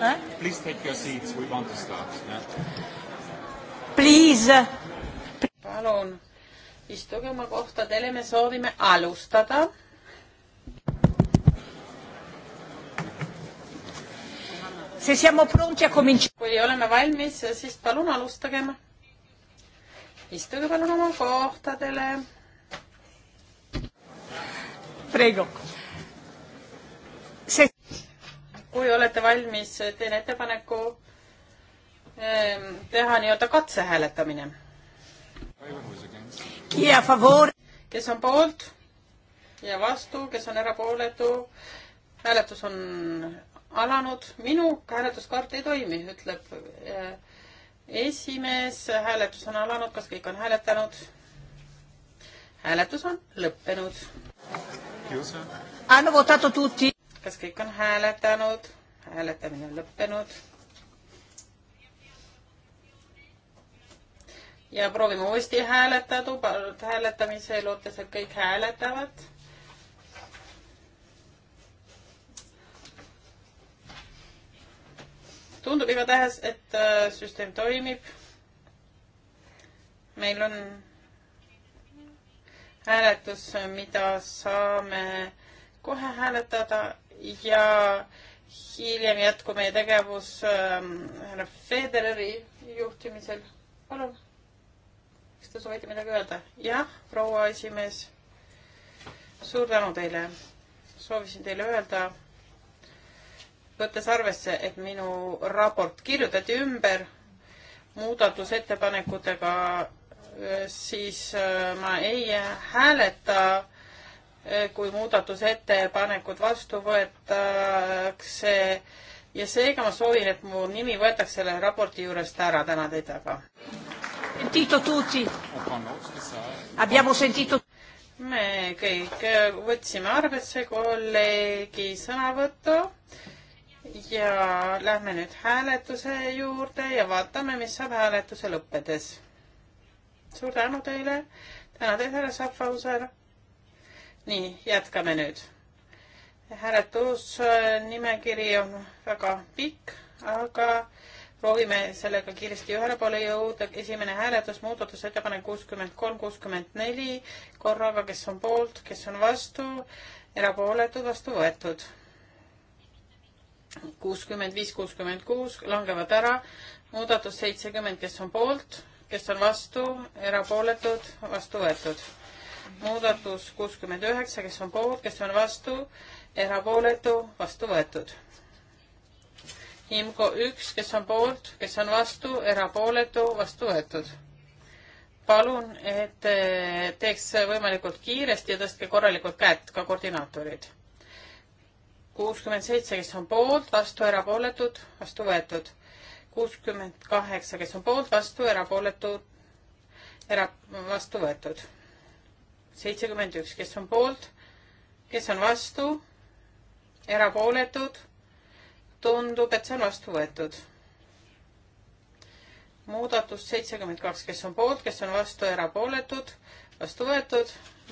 Eh? Please take your seats, we want to start yeah.. Please. palun istuge oma kohtadele, me soovime alustada. kui oleme valmis, siis palun alustagem. istuge palun oma kohtadele. Prego kui olete valmis, teen ettepaneku ehm, teha nii-öelda katsehääletamine. kes on poolt ja vastu, kes on erapooletu, hääletus on alanud, minu hääletuskaart ei toimi, ütleb eh, esimees, hääletus on alanud, kas kõik on hääletanud? hääletus on lõppenud kas kõik on hääletanud? hääletamine on lõppenud. ja proovime uuesti hääletada, hääletamise lootes, et kõik hääletavad tundub igatahes, et äh, süsteem toimib. meil on hääletus, mida saame kohe hääletada ja hiljem jätkub meie tegevus ähm, härra äh, Federeri juhtimisel. palun, kas te soovite midagi öelda? jah, proua esimees, suur tänu teile. soovisin teile öelda, võttes arvesse, et minu raport kirjutati ümber muudatusettepanekutega, äh, siis äh, ma ei hääleta äh, kui muudatusettepanekud vastu võetakse ja seega ma soovin, et mu nimi võetakse selle raporti juurest ära, täna teid väga. me kõik võtsime arvesse kolleegi sõnavõttu ja lähme nüüd hääletuse juurde ja vaatame, mis saab hääletuse lõppedes. suur tänu teile, täna teid, härra Sahvauser nii, jätkame nüüd. hääletusnimekiri on väga pikk, aga proovime sellega kiiresti ühele poole jõuda. esimene hääletus, muudatusettepanek kuuskümmend kolm, kuuskümmend neli korraga, kes on poolt, kes on vastu, erapooletud, vastu võetud. kuuskümmend viis, kuuskümmend kuus langevad ära. muudatus seitsekümmend, kes on poolt, kes on vastu, erapooletud, vastu võetud muudatus kuuskümmend üheksa, kes on poolt, kes on vastu, erapooletu, vastu võetud. IMCO üks, kes on poolt, kes on vastu, erapooletu, vastu võetud. palun, et eh, teeks võimalikult kiiresti ja tõstke korralikult käed, ka koordinaatorid. kuuskümmend seitse, kes on poolt, vastu, erapooletud, vastu võetud. kuuskümmend kaheksa, kes on poolt, vastu, erapooletud, era-, vastu võetud seitsekümmend üks, kes on poolt, kes on vastu, erapooletud, tundub, et see on vastu võetud. muudatus seitsekümmend kaks, kes on poolt, kes on vastu, erapooletud, vastu võetud,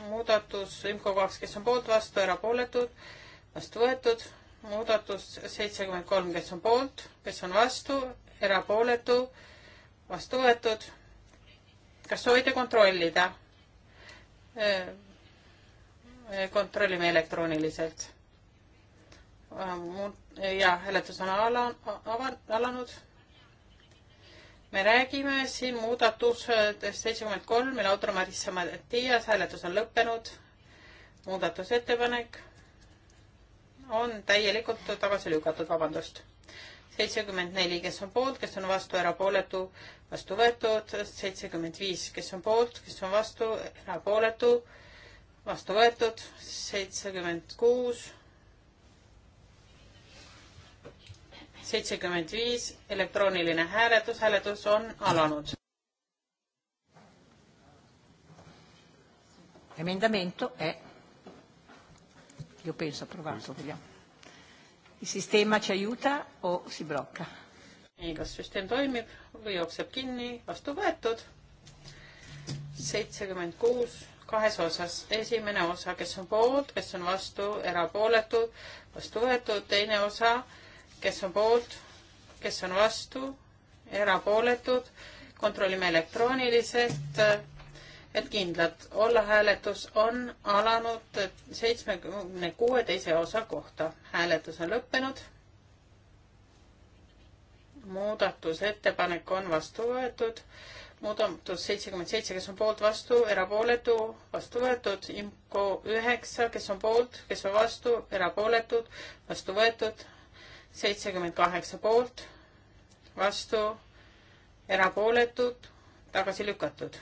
muudatus IMCO kaks, kes on poolt, vastu, erapooletud, vastu võetud, muudatus seitsekümmend kolm, kes on poolt, kes on vastu, erapooletu, vastu võetud. kas soovite kontrollida? Eh, eh, kontrollime elektrooniliselt. Ah, eh, ja hääletus on ala, alanud. me räägime siin muudatustest seitsekümmend kolm, mille autor Marissa Matias, hääletus on lõppenud. muudatusettepanek on täielikult tagasi lükatud, vabandust seitsekümmend neli, kes on poolt, kes on vastu, erapooletu, vastu võetud, seitsekümmend viis, kes on poolt, kes on vastu, erapooletu, vastu võetud, seitsekümmend kuus, seitsekümmend viis, elektrooniline hääletus, hääletus on alanud. Emendamento è, io penso approvato, vediamo Il sistema ci aiuta o si blocca? nii, kas süsteem toimib või jookseb kinni, vastu võetud. seitsekümmend kuus kahes osas, esimene osa, kes on poolt, kes on vastu, erapooletud, vastu võetud, teine osa, kes on poolt, kes on vastu, erapooletud, kontrollime elektrooniliselt et kindlad olla, hääletus on alanud seitsmekümne kuue teise osa kohta. hääletus on lõppenud. muudatusettepanek on vastu võetud. muudatus seitsekümmend seitse, kes on poolt, vastu, erapooletu, vastu võetud. IMCO üheksa, kes on poolt, kes on vastu, erapooletud, vastu võetud. seitsekümmend kaheksa poolt, vastu, erapooletud, tagasi lükatud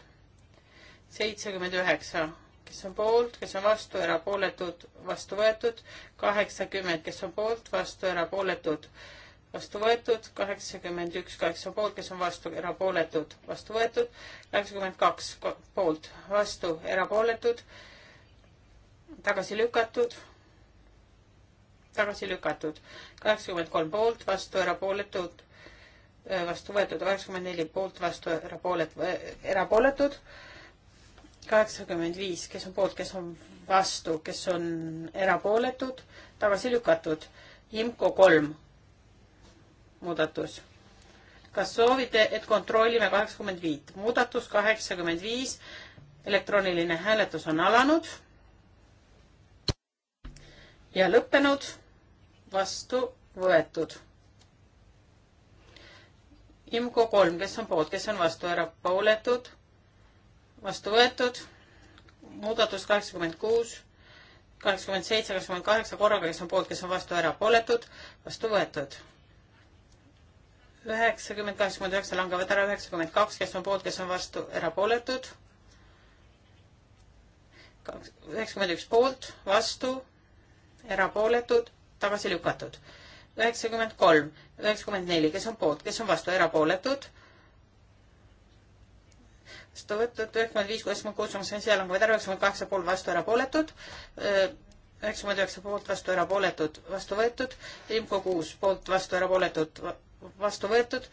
seitsekümmend üheksa, kes on poolt, kes on vastu, erapooletud, vastu võetud, kaheksakümmend, kes on poolt, vastu, erapooletud, vastu võetud, kaheksakümmend üks, kaheksa poolt, kes on vastu, erapooletud, vastu võetud, kaheksakümmend kaks poolt, vastu, erapooletud, tagasi lükatud, tagasi lükatud, kaheksakümmend kolm poolt, vastu, erapooletud, vastu võetud, kaheksakümmend neli poolt, vastu, erapoolet-, erapooletud, erapooletud kaheksakümmend viis, kes on poolt, kes on vastu, kes on erapooletud, tagasi lükatud. IMCO kolm muudatus. kas soovite, et kontrollime kaheksakümmend viit? muudatus kaheksakümmend viis, elektrooniline hääletus on alanud ja lõppenud, vastu võetud. IMCO kolm, kes on poolt, kes on vastu, erapooletud vastu võetud, muudatus kaheksakümmend kuus, kaheksakümmend seitse, kaheksakümmend kaheksa korraga, kes on poolt, kes on vastu, erapooletud, vastu võetud. üheksakümmend, kaheksakümmend üheksa langevad ära, üheksakümmend kaks, kes on poolt, kes on vastu, erapooletud. üheksakümmend üks poolt, vastu, erapooletud, tagasi lükatud üheksakümmend kolm, üheksakümmend neli, kes on poolt, kes on vastu, erapooletud, vastu võetud, üheksakümmend viis, kuuskümmend kuus, kuuskümmend seitse, langevad ära, üheksakümmend kaheksa poolt vastu erapooletud, üheksakümmend üheksa poolt vastu erapooletud, vastu võetud, IMCO kuus poolt vastu erapooletud, vastu võetud,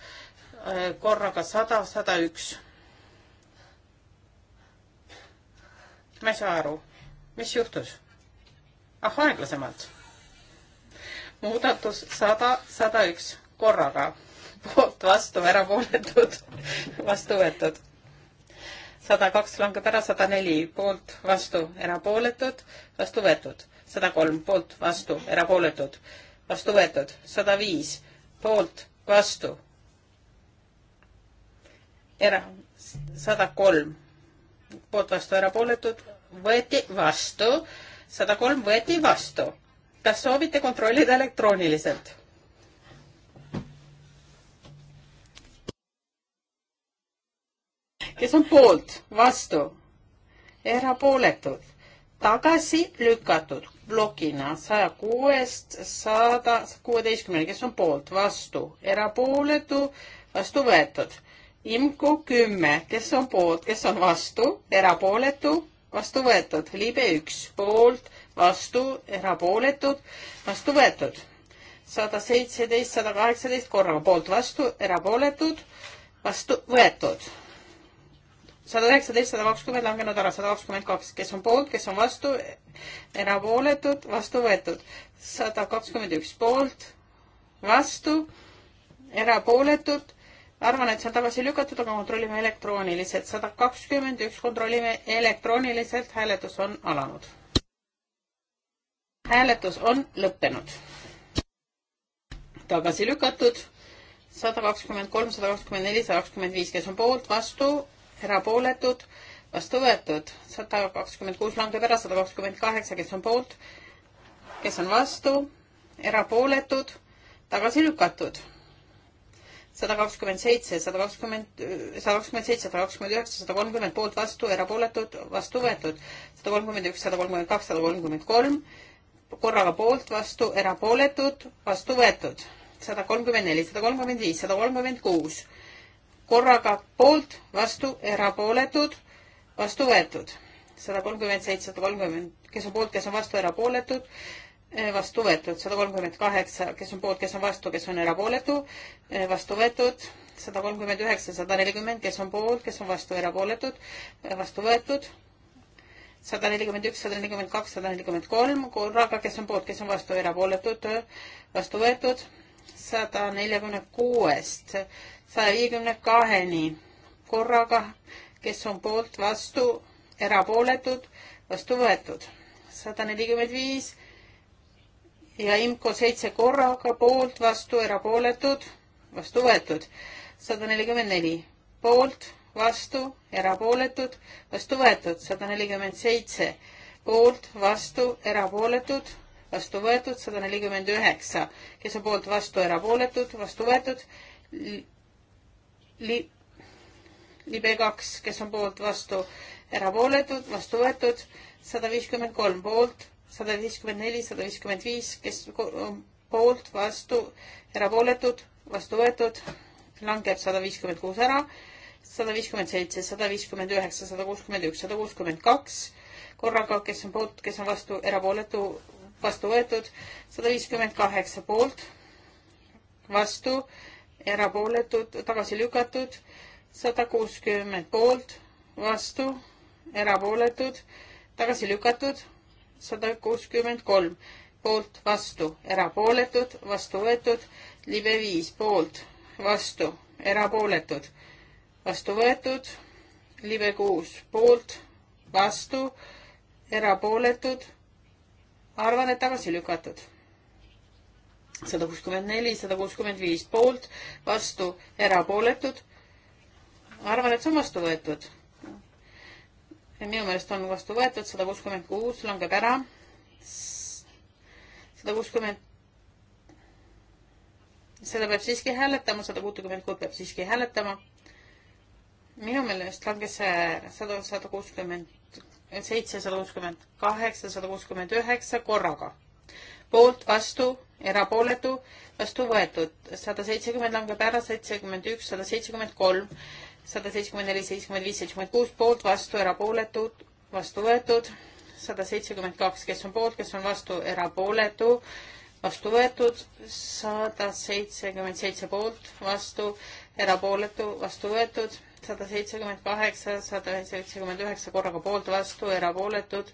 korraga sada, sada üks. ma ei saa aru, mis juhtus? ah, aeglasemalt. muudatus sada, sada üks korraga, poolt vastu, erapooletud, vastu võetud sada kaks langeb ära, sada neli poolt, vastu, erapooletud, vastu võetud. sada kolm poolt, vastu, erapooletud, vastu võetud. sada viis poolt, vastu, era-, sada kolm poolt, vastu, erapooletud, võeti vastu, sada kolm võeti vastu. kas soovite kontrollida elektrooniliselt? kes on poolt, vastu, erapooletud, tagasi lükatud plokina saja kuuest sada kuueteistkümneni, kes on poolt, vastu, erapooletu, vastu võetud. IMCO kümme, kes on poolt, kes on vastu, erapooletu, vastu võetud. libe üks, poolt, vastu, erapooletud, vastu võetud. sada seitseteist, sada kaheksateist korraga poolt, vastu, erapooletud, vastu võetud sada üheksateist, sada kakskümmend langenud ära, sada kakskümmend kaks, kes on poolt, kes on vastu, erapooletud, vastu võetud. sada kakskümmend üks poolt, vastu, erapooletud, arvan, et see on tagasi lükatud, aga kontrollime elektrooniliselt. sada kakskümmend üks, kontrollime elektrooniliselt, hääletus on alanud. hääletus on lõppenud. tagasi lükatud sada kakskümmend kolm, sada kakskümmend neli, sada kakskümmend viis, kes on poolt, vastu, erapooletud, vastu võetud. sada kakskümmend kuus langeb ära, sada kakskümmend kaheksa, kes on poolt, kes on vastu, erapooletud, tagasi lükatud. sada kakskümmend seitse, sada kakskümmend, sada kakskümmend seitse, sada kakskümmend üheksa, sada kolmkümmend poolt, vastu, erapooletud, vastu võetud. sada kolmkümmend üks, sada kolmkümmend kaks, sada kolmkümmend kolm, korraga poolt, vastu, erapooletud, vastu võetud. sada kolmkümmend neli, sada kolmkümmend viis, sada kolmkümmend kuus korraga poolt, vastu, erapooletud, vastu võetud. sada kolmkümmend seitse, sada kolmkümmend, kes on poolt, kes on vastu, erapooletud, eh, vastu võetud. sada kolmkümmend kaheksa, kes on poolt, kes on vastu, kes on erapooletu, eh, vastu võetud. sada kolmkümmend üheksa, sada nelikümmend, kes on poolt, kes on vastu, erapooletud, eh, vastu võetud sada nelikümmend üks, sada nelikümmend kaks, sada nelikümmend kolm korraga, kes on poolt, kes on vastu, erapooletud, vastu võetud, saja neljakümne kuuest saja viiekümne kaheni korraga, kes on poolt, vastu, erapooletud, vastu võetud. sada nelikümmend viis ja IMCO seitse korraga poolt, vastu, erapooletud, vastu võetud. sada nelikümmend neli poolt, vastu, erapooletud, vastu võetud. sada nelikümmend seitse poolt, vastu, erapooletud, vastu võetud, sada nelikümmend üheksa, kes on poolt vastu, erapooletud, vastu võetud li,. Li, libe kaks, kes on poolt vastu, erapooletud, vastu võetud, sada viiskümmend kolm poolt, sada viiskümmend neli, sada viiskümmend viis, kes on poolt vastu, erapooletud, vastu võetud, langeb sada viiskümmend kuus ära sada viiskümmend seitse, sada viiskümmend üheksa, sada kuuskümmend üks, sada kuuskümmend kaks korraga, kes on poolt, kes on vastu, erapooletu, vastu võetud, sada viiskümmend kaheksa poolt, vastu, erapooletud, tagasi lükatud, sada kuuskümmend poolt, vastu, erapooletud, tagasi lükatud, sada kuuskümmend kolm poolt, vastu, erapooletud, vastu võetud, libe viis poolt, vastu, erapooletud, vastu võetud, libe kuus poolt, vastu, erapooletud arvan, et tagasi lükatud. sada kuuskümmend neli, sada kuuskümmend viis poolt, vastu, erapooletud. arvan, et see on vastu võetud. minu meelest on vastu võetud, sada kuuskümmend kuus langeb ära. sada kuuskümmend seda peab siiski hääletama, sada kuutekümmet kuut peab siiski hääletama. minu meelest langes see sada, sada kuuskümmend seitsesada kuuskümmend kaheksa, sada kuuskümmend üheksa korraga. poolt, vastu, erapooletu, vastu võetud. sada seitsekümmend langeb ära, seitsekümmend üks, sada seitsekümmend kolm, sada seitsekümmend neli, seitsekümmend viis, seitsekümmend kuus, poolt, vastu, erapooletud, vastu võetud. sada seitsekümmend kaks, kes on poolt, kes on vastu, erapooletu, vastu võetud. sada seitsekümmend seitse poolt, vastu, erapooletu, vastu võetud sada seitsekümmend kaheksa, sada seitsekümmend üheksa korraga poolt, vastu, erapooletud,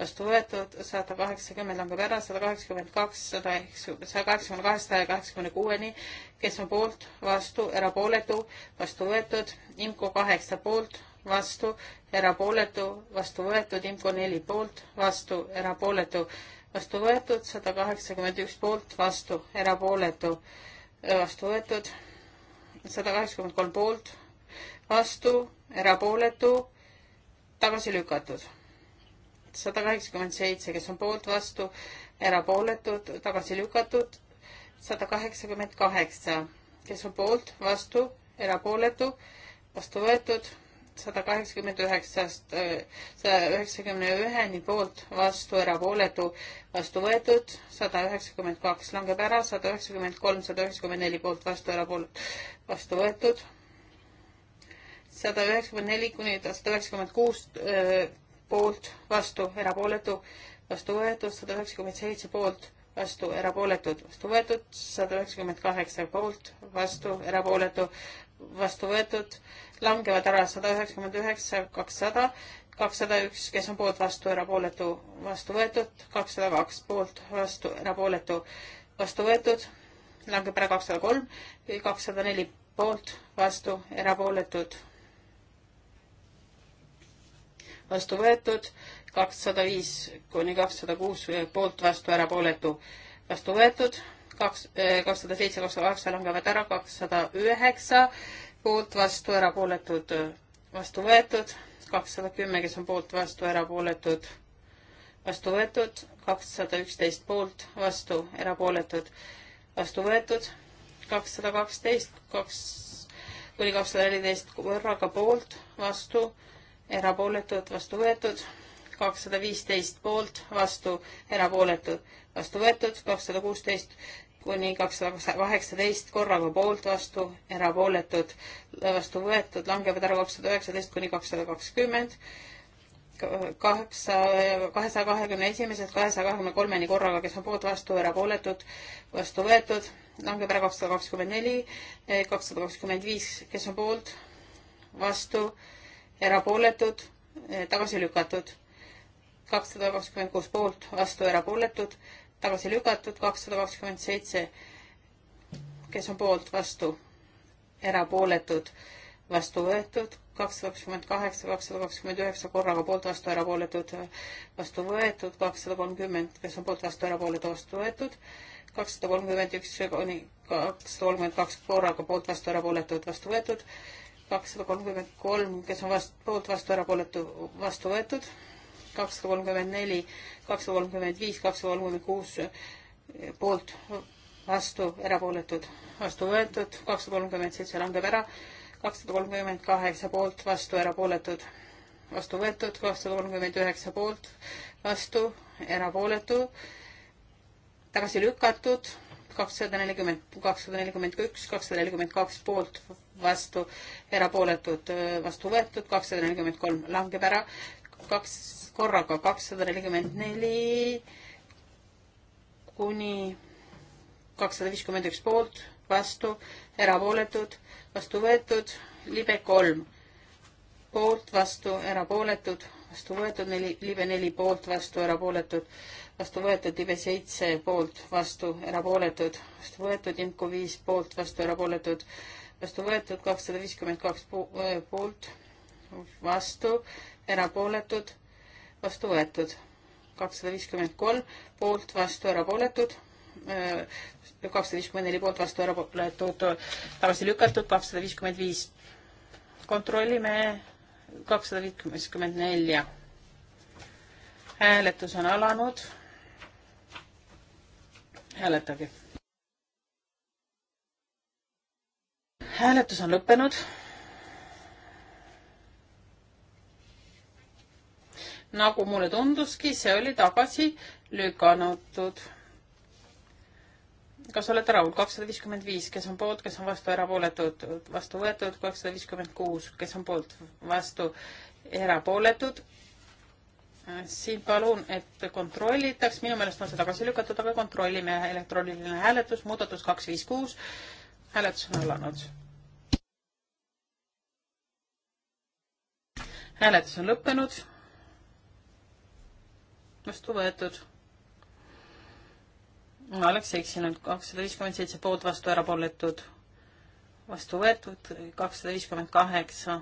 vastu võetud, sada kaheksakümmend langeb ära, sada kaheksakümmend kaks, sada üheksakümmend, saja kaheksakümne kahest saja kaheksakümne kuueni, kes on poolt, vastu, erapooletu, vastu võetud, IMCO kaheksa poolt, vastu, erapooletu, vastu võetud, IMCO neli poolt, vastu, erapooletu, vastu võetud, sada kaheksakümmend üks poolt, vastu, erapooletu, vastu võetud, sada kaheksakümmend kolm poolt, vastu, erapooletu, tagasi lükatud. sada kaheksakümmend seitse, kes on poolt, vastu, erapooletud, tagasi lükatud. sada kaheksakümmend kaheksa, kes on poolt, vastu, erapooletu, vastu võetud sada kaheksakümmend üheksast äh, saja üheksakümne üheni poolt vastu erapooletu vastu võetud, sada üheksakümmend kaks langeb ära, sada üheksakümmend kolm, sada üheksakümmend neli poolt vastu erapooletu vastu võetud, sada üheksakümmend neli kuni sada üheksakümmend kuus äh, poolt, vastu, erapooletu, vastu võetud, sada üheksakümmend seitse poolt, vastu, erapooletud, vastu võetud, sada üheksakümmend kaheksa poolt, vastu, erapooletu, vastu võetud, langevad ära sada üheksakümmend üheksa, kakssada, kakssada üks, kes on poolt, vastu, erapooletu, vastu võetud, kakssada kaks poolt, vastu, erapooletu, vastu võetud, langeb ära kakssada kolm, kakssada neli poolt, vastu, erapooletud vastu võetud, kakssada viis kuni kakssada kuus poolt vastu erapooletu vastu võetud, kaks, eh, kakssada seitse, kakssada kaheksa langevad ära, kakssada üheksa poolt vastu erapooletud vastu võetud, kakssada kümme, kes on poolt vastu erapooletud vastu võetud, kakssada üksteist poolt vastu erapooletud vastu võetud, kakssada kaksteist, kaks kuni kakssada neliteist korraga poolt vastu erapooletud, vastu võetud, kakssada viisteist poolt, vastu, erapooletud, vastu võetud, kakssada kuusteist kuni kakssada kaheksateist korraga poolt, vastu, erapooletud, vastu võetud, langevad ära kakssada üheksateist kuni kakssada kakskümmend, kaheksa, kahesaja kahekümne esimesed, kahesaja kahekümne kolmeni korraga, kes on poolt, vastu, erapooletud, vastu võetud, langeb ära kakssada kakskümmend neli, kakssada kakskümmend viis, kes on poolt, vastu, erapooletud, eh, tagasi lükatud. kakssada kakskümmend kuus poolt, vastu erapooletud, tagasi lükatud, kakssada kakskümmend seitse, kes on poolt, vastu erapooletud, vastu võetud, kakssada kakskümmend kaheksa, kakssada kakskümmend üheksa korraga poolt, vastu erapooletud, vastu võetud, kakssada kolmkümmend, kes on poolt, vastu erapooletu, vastu võetud kakssada kolmkümmend üks kuni kakssada kolmkümmend kaks korraga poolt vastu erapooletud vastu võetud, kakssada kolmkümmend kolm, kes on vastu, poolt vastu erapooletu, vastu võetud, kakssada kolmkümmend neli, kakssada kolmkümmend viis, kakssada kolmkümmend kuus poolt vastu erapooletud, vastu võetud, kakssada kolmkümmend seitse langeb ära, kakssada kolmkümmend kaheksa poolt vastu erapooletud, vastu võetud, kakssada kolmkümmend üheksa poolt vastu erapooletu, tagasi lükatud, kakssada nelikümmend, kakssada nelikümmend üks, kakssada nelikümmend kaks poolt vastu, erapooletud vastu võetud, kakssada nelikümmend kolm langeb ära, kaks, korraga kakssada nelikümmend neli kuni kakssada viiskümmend üks poolt, vastu, erapooletud, vastu võetud, libe kolm poolt, vastu, erapooletud, vastu võetud neli, libe neli poolt, vastu, erapooletud, vastu võetud, libe seitse poolt, vastu, erapooletud, vastu võetud, imku viis poolt, vastu, erapooletud, vastu võetud, vastu võetud, kakssada viiskümmend kaks poolt, vastu, erapooletud, vastu võetud. kakssada viiskümmend kolm poolt, vastu, erapooletud, kakssada viiskümmend neli poolt, vastu, erapooletud, tagasi lükatud, kakssada viiskümmend viis. kontrollime kakssada viiskümmend nelja. hääletus on alanud. hääletage hääletus on lõppenud. nagu mulle tunduski, see oli tagasi lükanutud. kas olete rahul? kakssada viiskümmend viis, kes on poolt, kes on vastu, erapooletud, vastu võetud, kakssada viiskümmend kuus, kes on poolt, vastu, erapooletud. siin palun, et kontrollitaks, minu meelest on see tagasi lükatud, aga kontrollime, elektrooniline hääletus, muudatus kaks, viis, kuus, hääletus on alanud hääletus on lõppenud. vastu võetud. ma oleks eksinud, kakssada viiskümmend seitse poolt vastu erapooletud, vastu võetud, kakssada viiskümmend kaheksa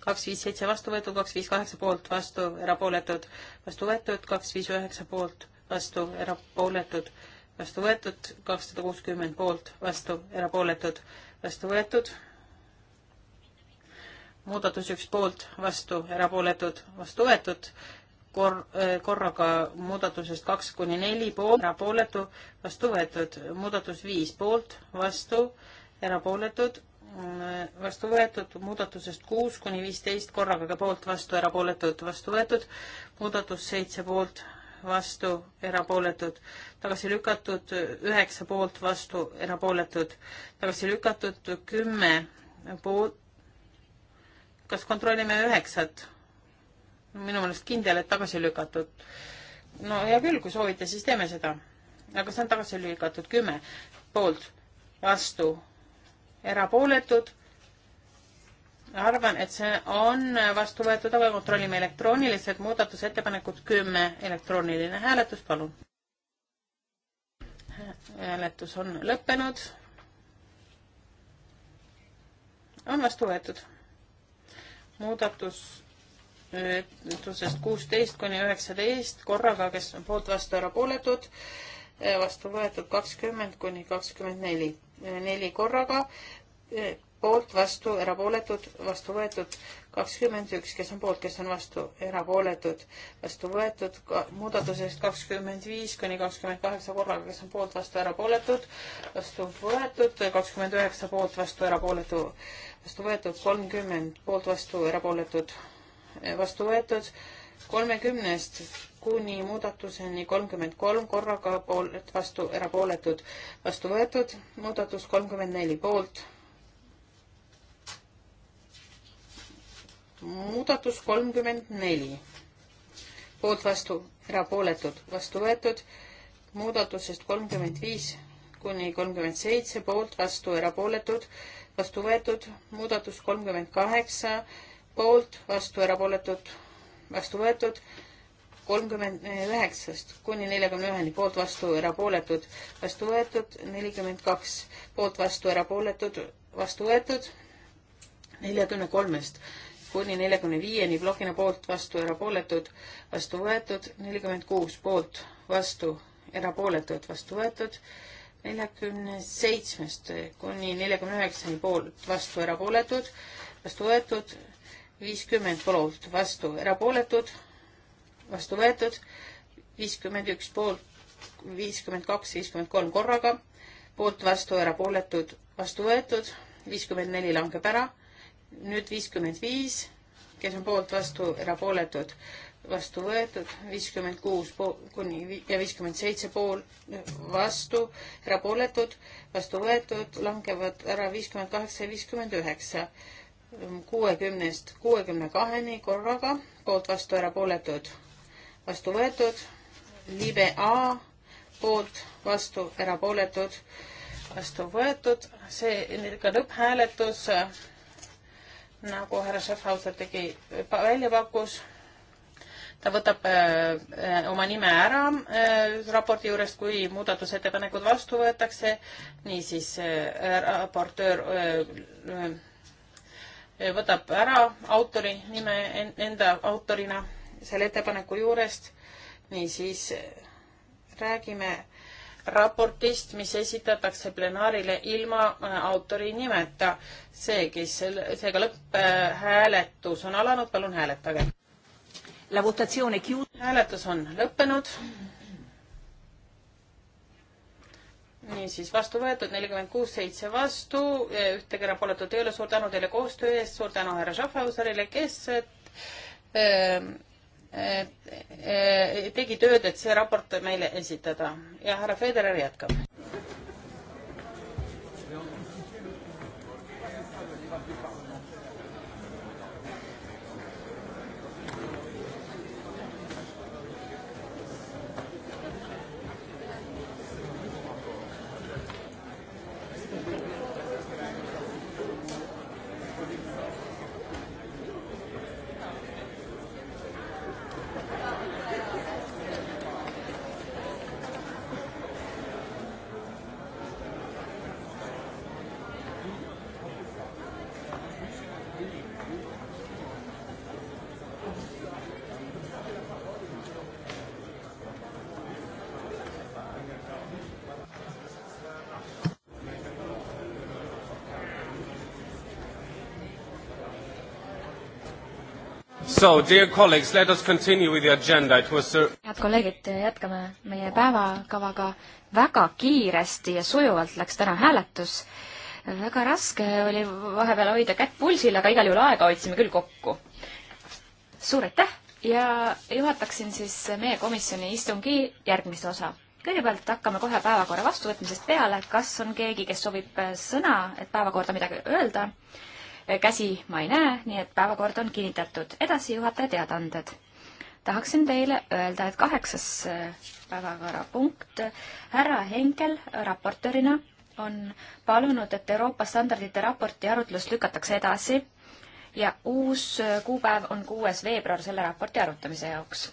kaks, viis, seitse vastu võetud, kaks, viis, kaheksa poolt vastu, erapooletud, vastu võetud, kaks, viis, üheksa poolt vastu, erapooletud, vastu võetud, kakssada kuuskümmend poolt vastu, erapooletud, vastu võetud muudatus üks poolt, vastu, erapooletud, vastu võetud, kor-, äh, korraga muudatusest kaks kuni neli poolt, erapooletu, vastu võetud, muudatus viis poolt, vastu, erapooletud, mm, vastu võetud, muudatusest kuus kuni viisteist korraga ka poolt, vastu, erapooletud, vastu võetud, muudatus seitse poolt, vastu, erapooletud, tagasi lükatud, üheksa poolt, vastu, erapooletud, tagasi lükatud, kümme poolt, kas kontrollime üheksat? minu meelest kindel, et tagasi lükatud. no hea küll, kui soovite, siis teeme seda. aga see on tagasi lükatud kümme poolt, vastu, erapooletud. arvan, et see on vastu võetud, aga kontrollime elektrooniliselt muudatusettepanekud kümme, elektrooniline hääletus, palun. hääletus on lõppenud. on vastu võetud muudatusest kuusteist kuni üheksateist korraga, kes on poolt vastu erapooletud, vastu võetud kakskümmend kuni kakskümmend neli, neli korraga poolt, vastu, erapooletud, vastu võetud, kakskümmend üks, kes on poolt, kes on vastu, erapooletud, vastu võetud, muudatusest kakskümmend viis kuni kakskümmend kaheksa korraga, kes on poolt, vastu, erapooletud, vastu võetud, kakskümmend üheksa poolt, vastu, erapooletu, vastu võetud, kolmkümmend poolt, vastu, erapooletud, vastu võetud, kolmekümnest kuni muudatuseni kolmkümmend kolm korraga poolt, vastu, erapooletud, vastu võetud, muudatus kolmkümmend neli poolt muudatus kolmkümmend neli. poolt vastu, erapooletud, vastu võetud. muudatusest kolmkümmend viis kuni kolmkümmend seitse, poolt vastu, erapooletud, vastu võetud. muudatus kolmkümmend kaheksa, poolt vastu, erapooletud, vastu võetud kolmkümmend üheksast kuni neljakümne üheni poolt vastu erapooletud, vastu võetud nelikümmend kaks poolt vastu erapooletud, vastu võetud neljakümne kolmest kuni neljakümne viieni plokina poolt, vastu, erapooletud, vastu võetud, nelikümmend kuus poolt, vastu, erapooletud, vastu võetud, neljakümne seitsmest kuni neljakümne üheksani poolt, vastu, erapooletud, vastu võetud, viiskümmend poolt, vastu, erapooletud, vastu võetud, viiskümmend üks poolt, viiskümmend kaks, viiskümmend kolm korraga, poolt, vastu, erapooletud, vastu võetud, viiskümmend neli langeb ära nüüd viiskümmend viis, kes on poolt, vastu, erapooletud, vastu võetud, viiskümmend kuus kuni ja viiskümmend seitse pool vastu, erapooletud, vastu võetud, langevad ära viiskümmend kaheksa ja viiskümmend üheksa, kuuekümnest kuuekümne kaheni korraga, poolt, vastu, erapooletud, vastu võetud, libe A poolt, vastu, erapooletud, vastu võetud, see, ka lõpphääletus nagu härra Schaffhauser tegi, välja pakkus, ta võtab äh, äh, oma nime ära äh, raporti juurest, kui muudatusettepanekud vastu võetakse, niisiis äh, raportöör äh, äh võtab ära autori nime en, enda autorina selle ettepaneku juurest, niisiis äh, räägime äh, raportist, mis esitatakse plenaarile ilma äh, autori nimeta. seegi, seega lõpphääletus on alanud, palun hääletage. hääletus on lõppenud. niisiis, vastu võetud nelikümmend kuus, seitse vastu, ühtegi erapooletut ei ole, suur tänu teile koostöö eest, suur tänu härra Schaffhauserile, kes et, äh, öö, Eh, tegi tööd, et see raport meile esitada ja härra Federer jätkab. So, dear colleagues, let us continue with the agenda. It was a... head kolleegid, jätkame meie päevakavaga. väga kiiresti ja sujuvalt läks täna hääletus. väga raske oli vahepeal hoida kätt pulsil, aga igal juhul aega hoidsime küll kokku. suur aitäh ja juhataksin siis meie komisjoni istungi järgmist osa. kõigepealt hakkame kohe päevakorra vastuvõtmisest peale. kas on keegi, kes soovib sõna, et päevakorda midagi öelda? käsi ma ei näe, nii et päevakord on kinnitatud. edasi juhataja teadaanded. tahaksin teile öelda, et kaheksas äh, päevakorrapunkt, härra Henkel raportöörina on palunud, et Euroopa standardite raporti arutlus lükatakse edasi ja uus äh, kuupäev on kuues veebruar selle raporti arutamise jaoks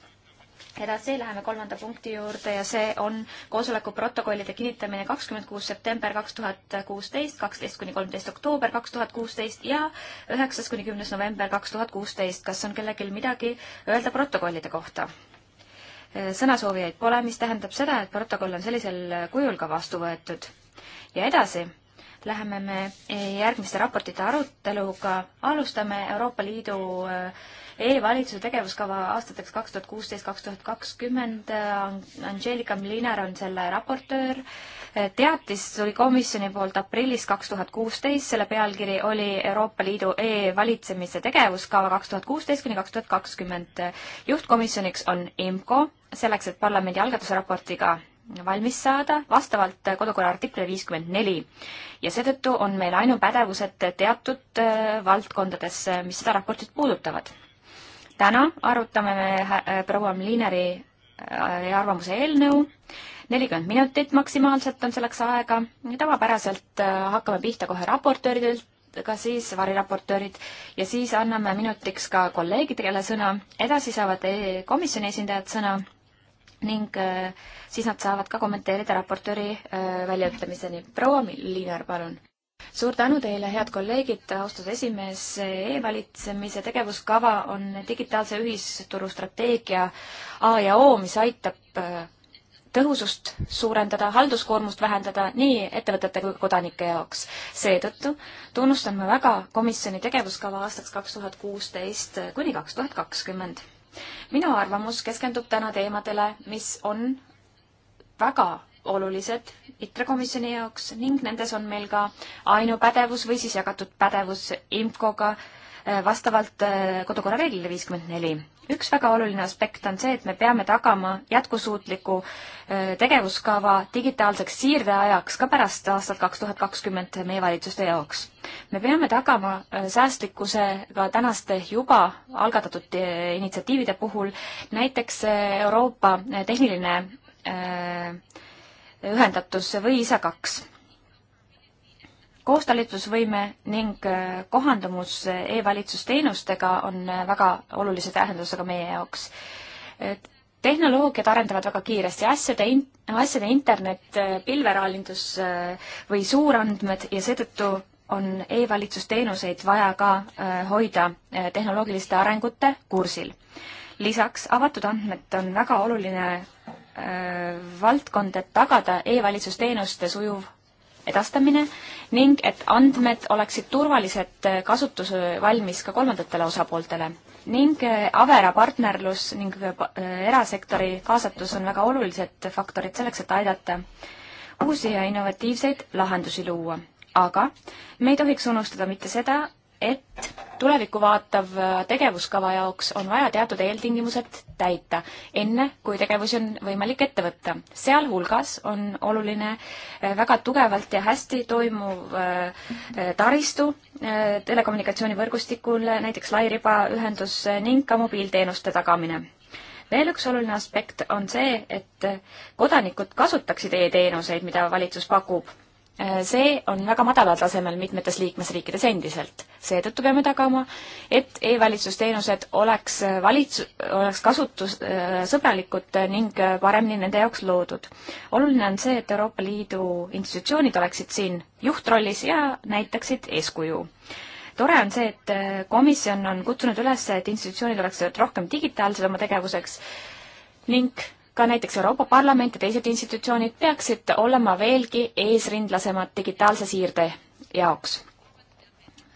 edasi läheme kolmanda punkti juurde ja see on koosoleku protokollide kinnitamine kakskümmend kuus september kaks tuhat kuusteist, kaksteist kuni kolmteist oktoober kaks tuhat kuusteist ja üheksas kuni kümnes november kaks tuhat kuusteist. kas on kellelgi midagi öelda protokollide kohta? sõnasoovijaid pole, mis tähendab seda, et protokoll on sellisel kujul ka vastu võetud. ja edasi läheme me järgmiste raportite aruteluga, alustame Euroopa Liidu äh, e-valitsuse tegevuskava aastateks kaks tuhat kuusteist, kaks tuhat kakskümmend. Äh, Angelika Mlinar on selle raportöör. Äh, teatis tuli komisjoni poolt aprillis kaks tuhat kuusteist, selle pealkiri oli Euroopa Liidu e-valitsemise tegevuskava kaks tuhat kuusteist kuni kaks tuhat kakskümmend. juhtkomisjoniks on IMCO, selleks et parlamendi algatuse raportiga valmis saada vastavalt kodukorra artiklile viiskümmend neli. ja seetõttu on meil ainupädevused teatud äh, valdkondades, mis seda raportit puudutavad täna arutame me äh, proua Mlineri äh, arvamuse eelnõu, nelikümmend minutit maksimaalselt on selleks aega, tavapäraselt äh, hakkame pihta kohe raportööridelt, ka siis variraportöörid ja siis anname minutiks ka kolleegidele sõna, edasi saavad e- komisjoni esindajad sõna ning siis nad saavad ka kommenteerida raportööri väljaütlemiseni. proua Liinar, palun! suur tänu teile, head kolleegid, austatud esimees e, e-valitsemise tegevuskava on digitaalse ühisturu strateegia A ja O, mis aitab äh, tõhusust suurendada, halduskoormust vähendada nii ettevõtete kui kodanike jaoks. seetõttu tunnustan ma väga komisjoni tegevuskava aastaks kaks tuhat kuusteist kuni kaks tuhat kakskümmend. minu arvamus keskendub täna teemadele, mis on väga olulised ITRE komisjoni jaoks ning nendes on meil ka ainupädevus või siis jagatud pädevus IMCO-ga äh, vastavalt äh, kodukorra reeglile viiskümmend neli. üks väga oluline aspekt on see, et me peame tagama jätkusuutliku äh, tegevuskava digitaalseks siirdeajaks ka pärast aastat kaks tuhat kakskümmend meie valitsuste jaoks. me peame tagama säästlikkuse ka tänaste juba algatatud initsiatiivide puhul, näiteks Euroopa tehniline äh, ühendatus või ISA kaks. koostalitusvõime ning äh, kohandumus e-valitsusteenustega on äh, väga olulise tähendusega meie jaoks. tehnoloogiad arendavad väga kiiresti asjade in-, asjade internet, äh, pilveraalindus või suurandmed ja seetõttu on e-valitsusteenuseid vaja ka hoida tehnoloogiliste arengute kursil lisaks avatud andmed on väga oluline Äh, valdkond, et tagada e-valitsusteenuste sujuv edastamine ning et andmed oleksid turvalised äh, kasutusvalmis ka kolmandatele osapooltele. ning äh, Avera partnerlus ning erasektori kaasatus on väga olulised faktorid selleks, et aidata uusi ja innovatiivseid lahendusi luua. aga me ei tohiks unustada mitte seda, et tulevikku vaatav tegevuskava jaoks on vaja teatud eeltingimused täita, enne kui tegevusi on võimalik ette võtta. sealhulgas on oluline eh, väga tugevalt ja hästi toimuv eh, taristu eh, telekommunikatsioonivõrgustikule, näiteks lairibaühendus ning ka mobiilteenuste tagamine veel üks oluline aspekt on see, et kodanikud kasutaksid e-teenuseid, mida valitsus pakub Äh, see on väga madalal tasemel mitmetes liikmesriikides endiselt. seetõttu peame tagama, et e-valitsusteenused oleks äh, valitsu-, oleks kasutussõbralikud äh, ning paremini nende jaoks loodud. oluline on see, et Euroopa Liidu institutsioonid oleksid siin juhtrollis ja näitaksid eeskuju tore on see, et komisjon on kutsunud üles, et institutsioonid oleksid rohkem digitaalsed oma tegevuseks ning ka näiteks Euroopa Parlament ja teised institutsioonid peaksid olema veelgi eesrindlasemad digitaalse siirde jaoks.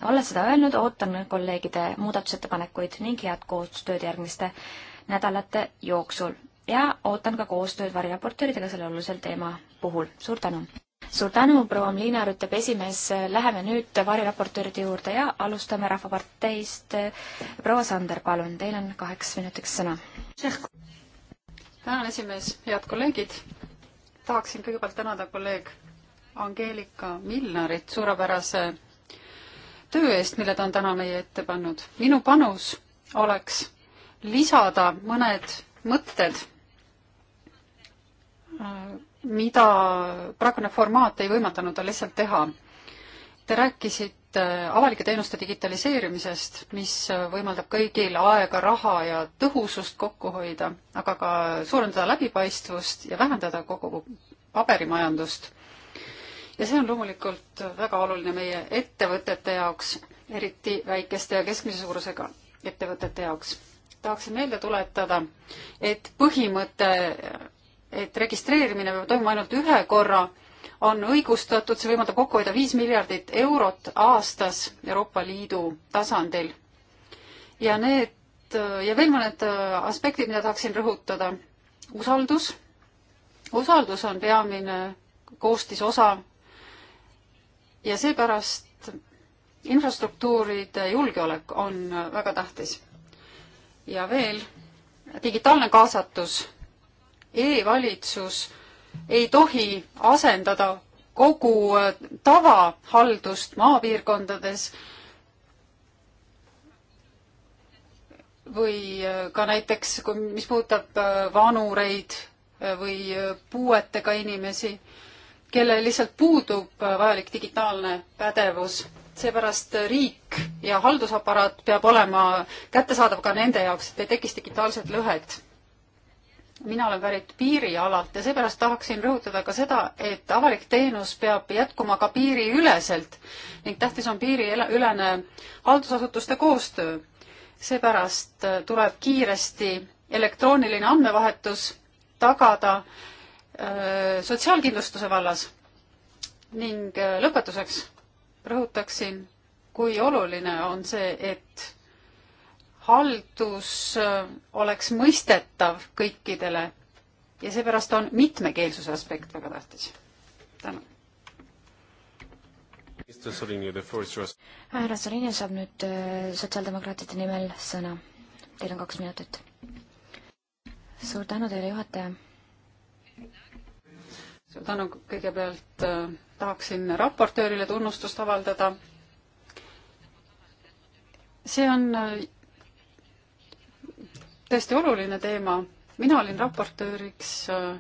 olles seda öelnud, ootan kolleegide muudatusettepanekuid ning head koostööd järgmiste nädalate jooksul ja ootan ka koostööd variraportööridega selle olulisel teema puhul. suur tänu! suur tänu, proua Liinar, ütleb esimees. Läheme nüüd variraportööride juurde ja alustame Rahvaparteist. proua Sander, palun, teil on kaheks minutiks sõna tänan, esimees, head kolleegid. tahaksin kõigepealt tänada kolleeg Angeelika Milnarit suurepärase töö eest, mille ta on täna meie ette pannud. minu panus oleks lisada mõned mõtted, äh, mida praegune formaat ei võimaldanud tal lihtsalt teha. Te rääkisite Äh, avalike teenuste digitaliseerimisest, mis äh, võimaldab kõigil aega, raha ja tõhusust kokku hoida, aga ka suurendada läbipaistvust ja vähendada kogu paberimajandust. ja see on loomulikult väga oluline meie ettevõtete jaoks, eriti väikeste ja keskmise suurusega ettevõtete jaoks. tahaksin meelde tuletada, et põhimõte, et registreerimine peab toimuma ainult ühe korra on õigustatud, see võimaldab kokku hoida viis miljardit eurot aastas Euroopa Liidu tasandil. ja need ja veel mõned aspektid, mida tahaksin rõhutada. usaldus. usaldus on peamine koostisosa ja seepärast infrastruktuuride julgeolek on väga tähtis. ja veel digitaalne kaasatus e, e-valitsus ei tohi asendada kogu äh, tavahaldust maapiirkondades või äh, ka näiteks, kui, mis puudutab äh, vanureid või puuetega inimesi, kellel lihtsalt puudub vajalik digitaalne pädevus. seepärast riik ja haldusaparaat peab olema kättesaadav ka nende jaoks, et ei tekiks digitaalset lõhet mina olen pärit piirialalt ja seepärast tahaksin rõhutada ka seda, et avalik teenus peab jätkuma ka piiriüleselt ning tähtis on piiriülene haldusasutuste koostöö. seepärast äh, tuleb kiiresti elektrooniline andmevahetus tagada öö, äh, sotsiaalkindlustuse vallas. ning äh, lõpetuseks rõhutaksin, kui oluline on see, et haldus äh, oleks mõistetav kõikidele ja seepärast on mitmekeelsuse aspekt väga tähtis. tänan. härra Solinio saab nüüd äh, sotsiaaldemokraatide nimel sõna. Teil on kaks minutit. suur tänu teile, juhataja. suur tänu, kõigepealt äh, tahaksin raportöörile tunnustust avaldada. see on äh, tõesti oluline teema. mina olin raportööriks äh,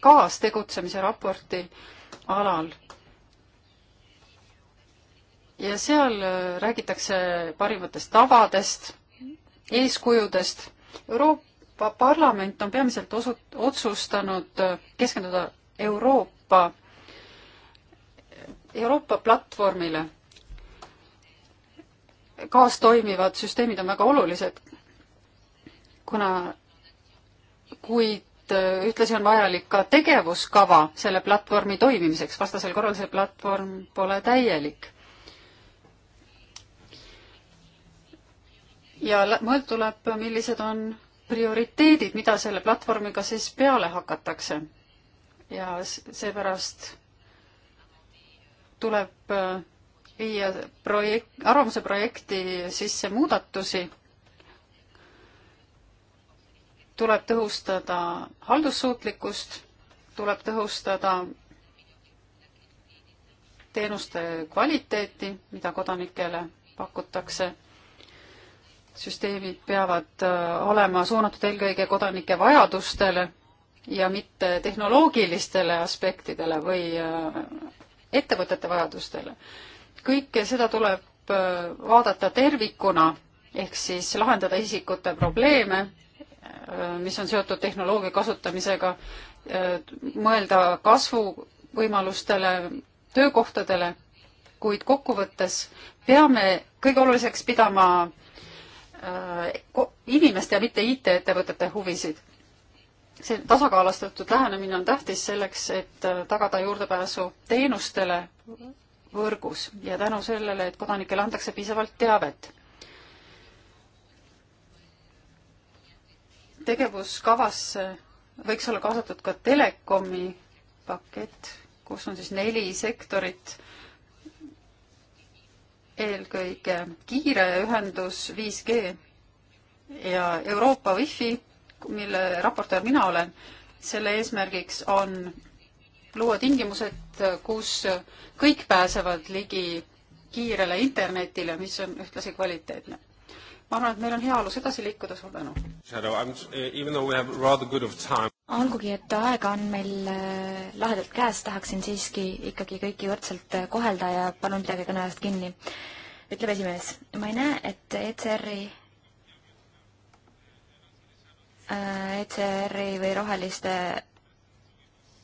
kaastegutsemise raporti alal. ja seal äh, räägitakse parimatest tavadest, eeskujudest. Euroopa Parlament on peamiselt osu-, otsustanud äh, keskenduda Euroopa, Euroopa platvormile kaastoimivad süsteemid on väga olulised, kuna kuid äh, ühtlasi on vajalik ka tegevuskava selle platvormi toimimiseks, vastasel korral see platvorm pole täielik. ja mõeld tuleb, millised on prioriteedid, mida selle platvormiga siis peale hakatakse. ja seepärast tuleb äh, viia projekt, arvamuse projekti sisse muudatusi, tuleb tõhustada haldussuutlikkust, tuleb tõhustada teenuste kvaliteeti, mida kodanikele pakutakse. süsteemid peavad äh, olema suunatud eelkõige kodanike vajadustele ja mitte tehnoloogilistele aspektidele või äh, ettevõtete vajadustele kõike seda tuleb äh, vaadata tervikuna, ehk siis lahendada isikute probleeme, äh, mis on seotud tehnoloogia kasutamisega, äh, mõelda kasvuvõimalustele, töökohtadele, kuid kokkuvõttes peame kõige oluliseks pidama inimeste ja mitte IT-ettevõtete huvisid. see tasakaalustatud lähenemine on tähtis selleks, et tagada juurdepääsu teenustele võrgus ja tänu sellele, et kodanikele antakse piisavalt teavet. tegevuskavasse võiks olla kaasatud ka telekomi pakett, kus on siis neli sektorit, eelkõige kiire ühendus 5G ja Euroopa Wi-Fi, mille raportöör mina olen, selle eesmärgiks on luua tingimused, kus kõik pääsevad ligi kiirele internetile, mis on ühtlasi kvaliteetne. ma arvan, et meil on hea alus edasi liikuda, suur tänu. olgugi, eh, et aega on meil eh, lahedalt käes, tahaksin siiski ikkagi kõiki võrdselt eh, kohelda ja palun pidage kõneajast kinni. ütleb esimees, ma ei näe, et ECR-i ECR-i või Roheliste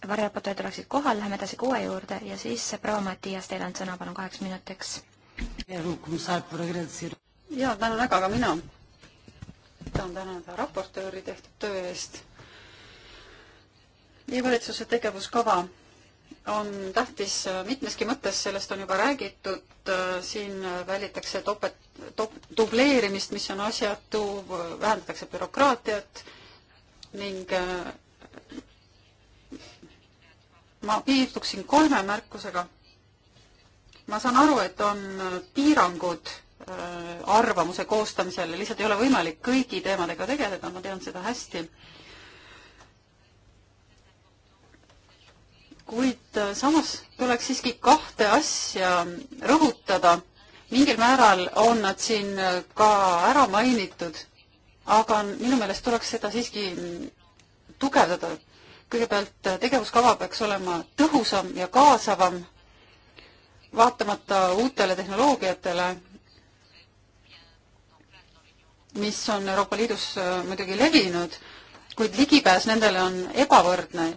varjapotted oleksid kohal, läheme edasi kuue juurde ja siis proua Mattias, teil on sõna, palun kaheks minutiks. ja tänan väga ka mina. tahan tänada raportööri tehtud töö eest. e-valitsuse tegevuskava on tähtis mitmeski mõttes, sellest on juba räägitud, siin välitakse topet, top-, dubleerimist, mis on asjatu, vähendatakse bürokraatiat ning ma piirduksin kolme märkusega. ma saan aru, et on piirangud äh, arvamuse koostamisel, lihtsalt ei ole võimalik kõigi teemadega tegeleda, ma tean seda hästi. kuid äh, samas tuleks siiski kahte asja rõhutada. mingil määral on nad siin äh, ka ära mainitud, aga minu meelest tuleks seda siiski tugevdada, kõigepealt äh, tegevuskava peaks olema tõhusam ja kaasavam, vaatamata uutele tehnoloogiatele, mis on Euroopa Liidus äh, muidugi levinud, kuid ligipääs nendele on ebavõrdne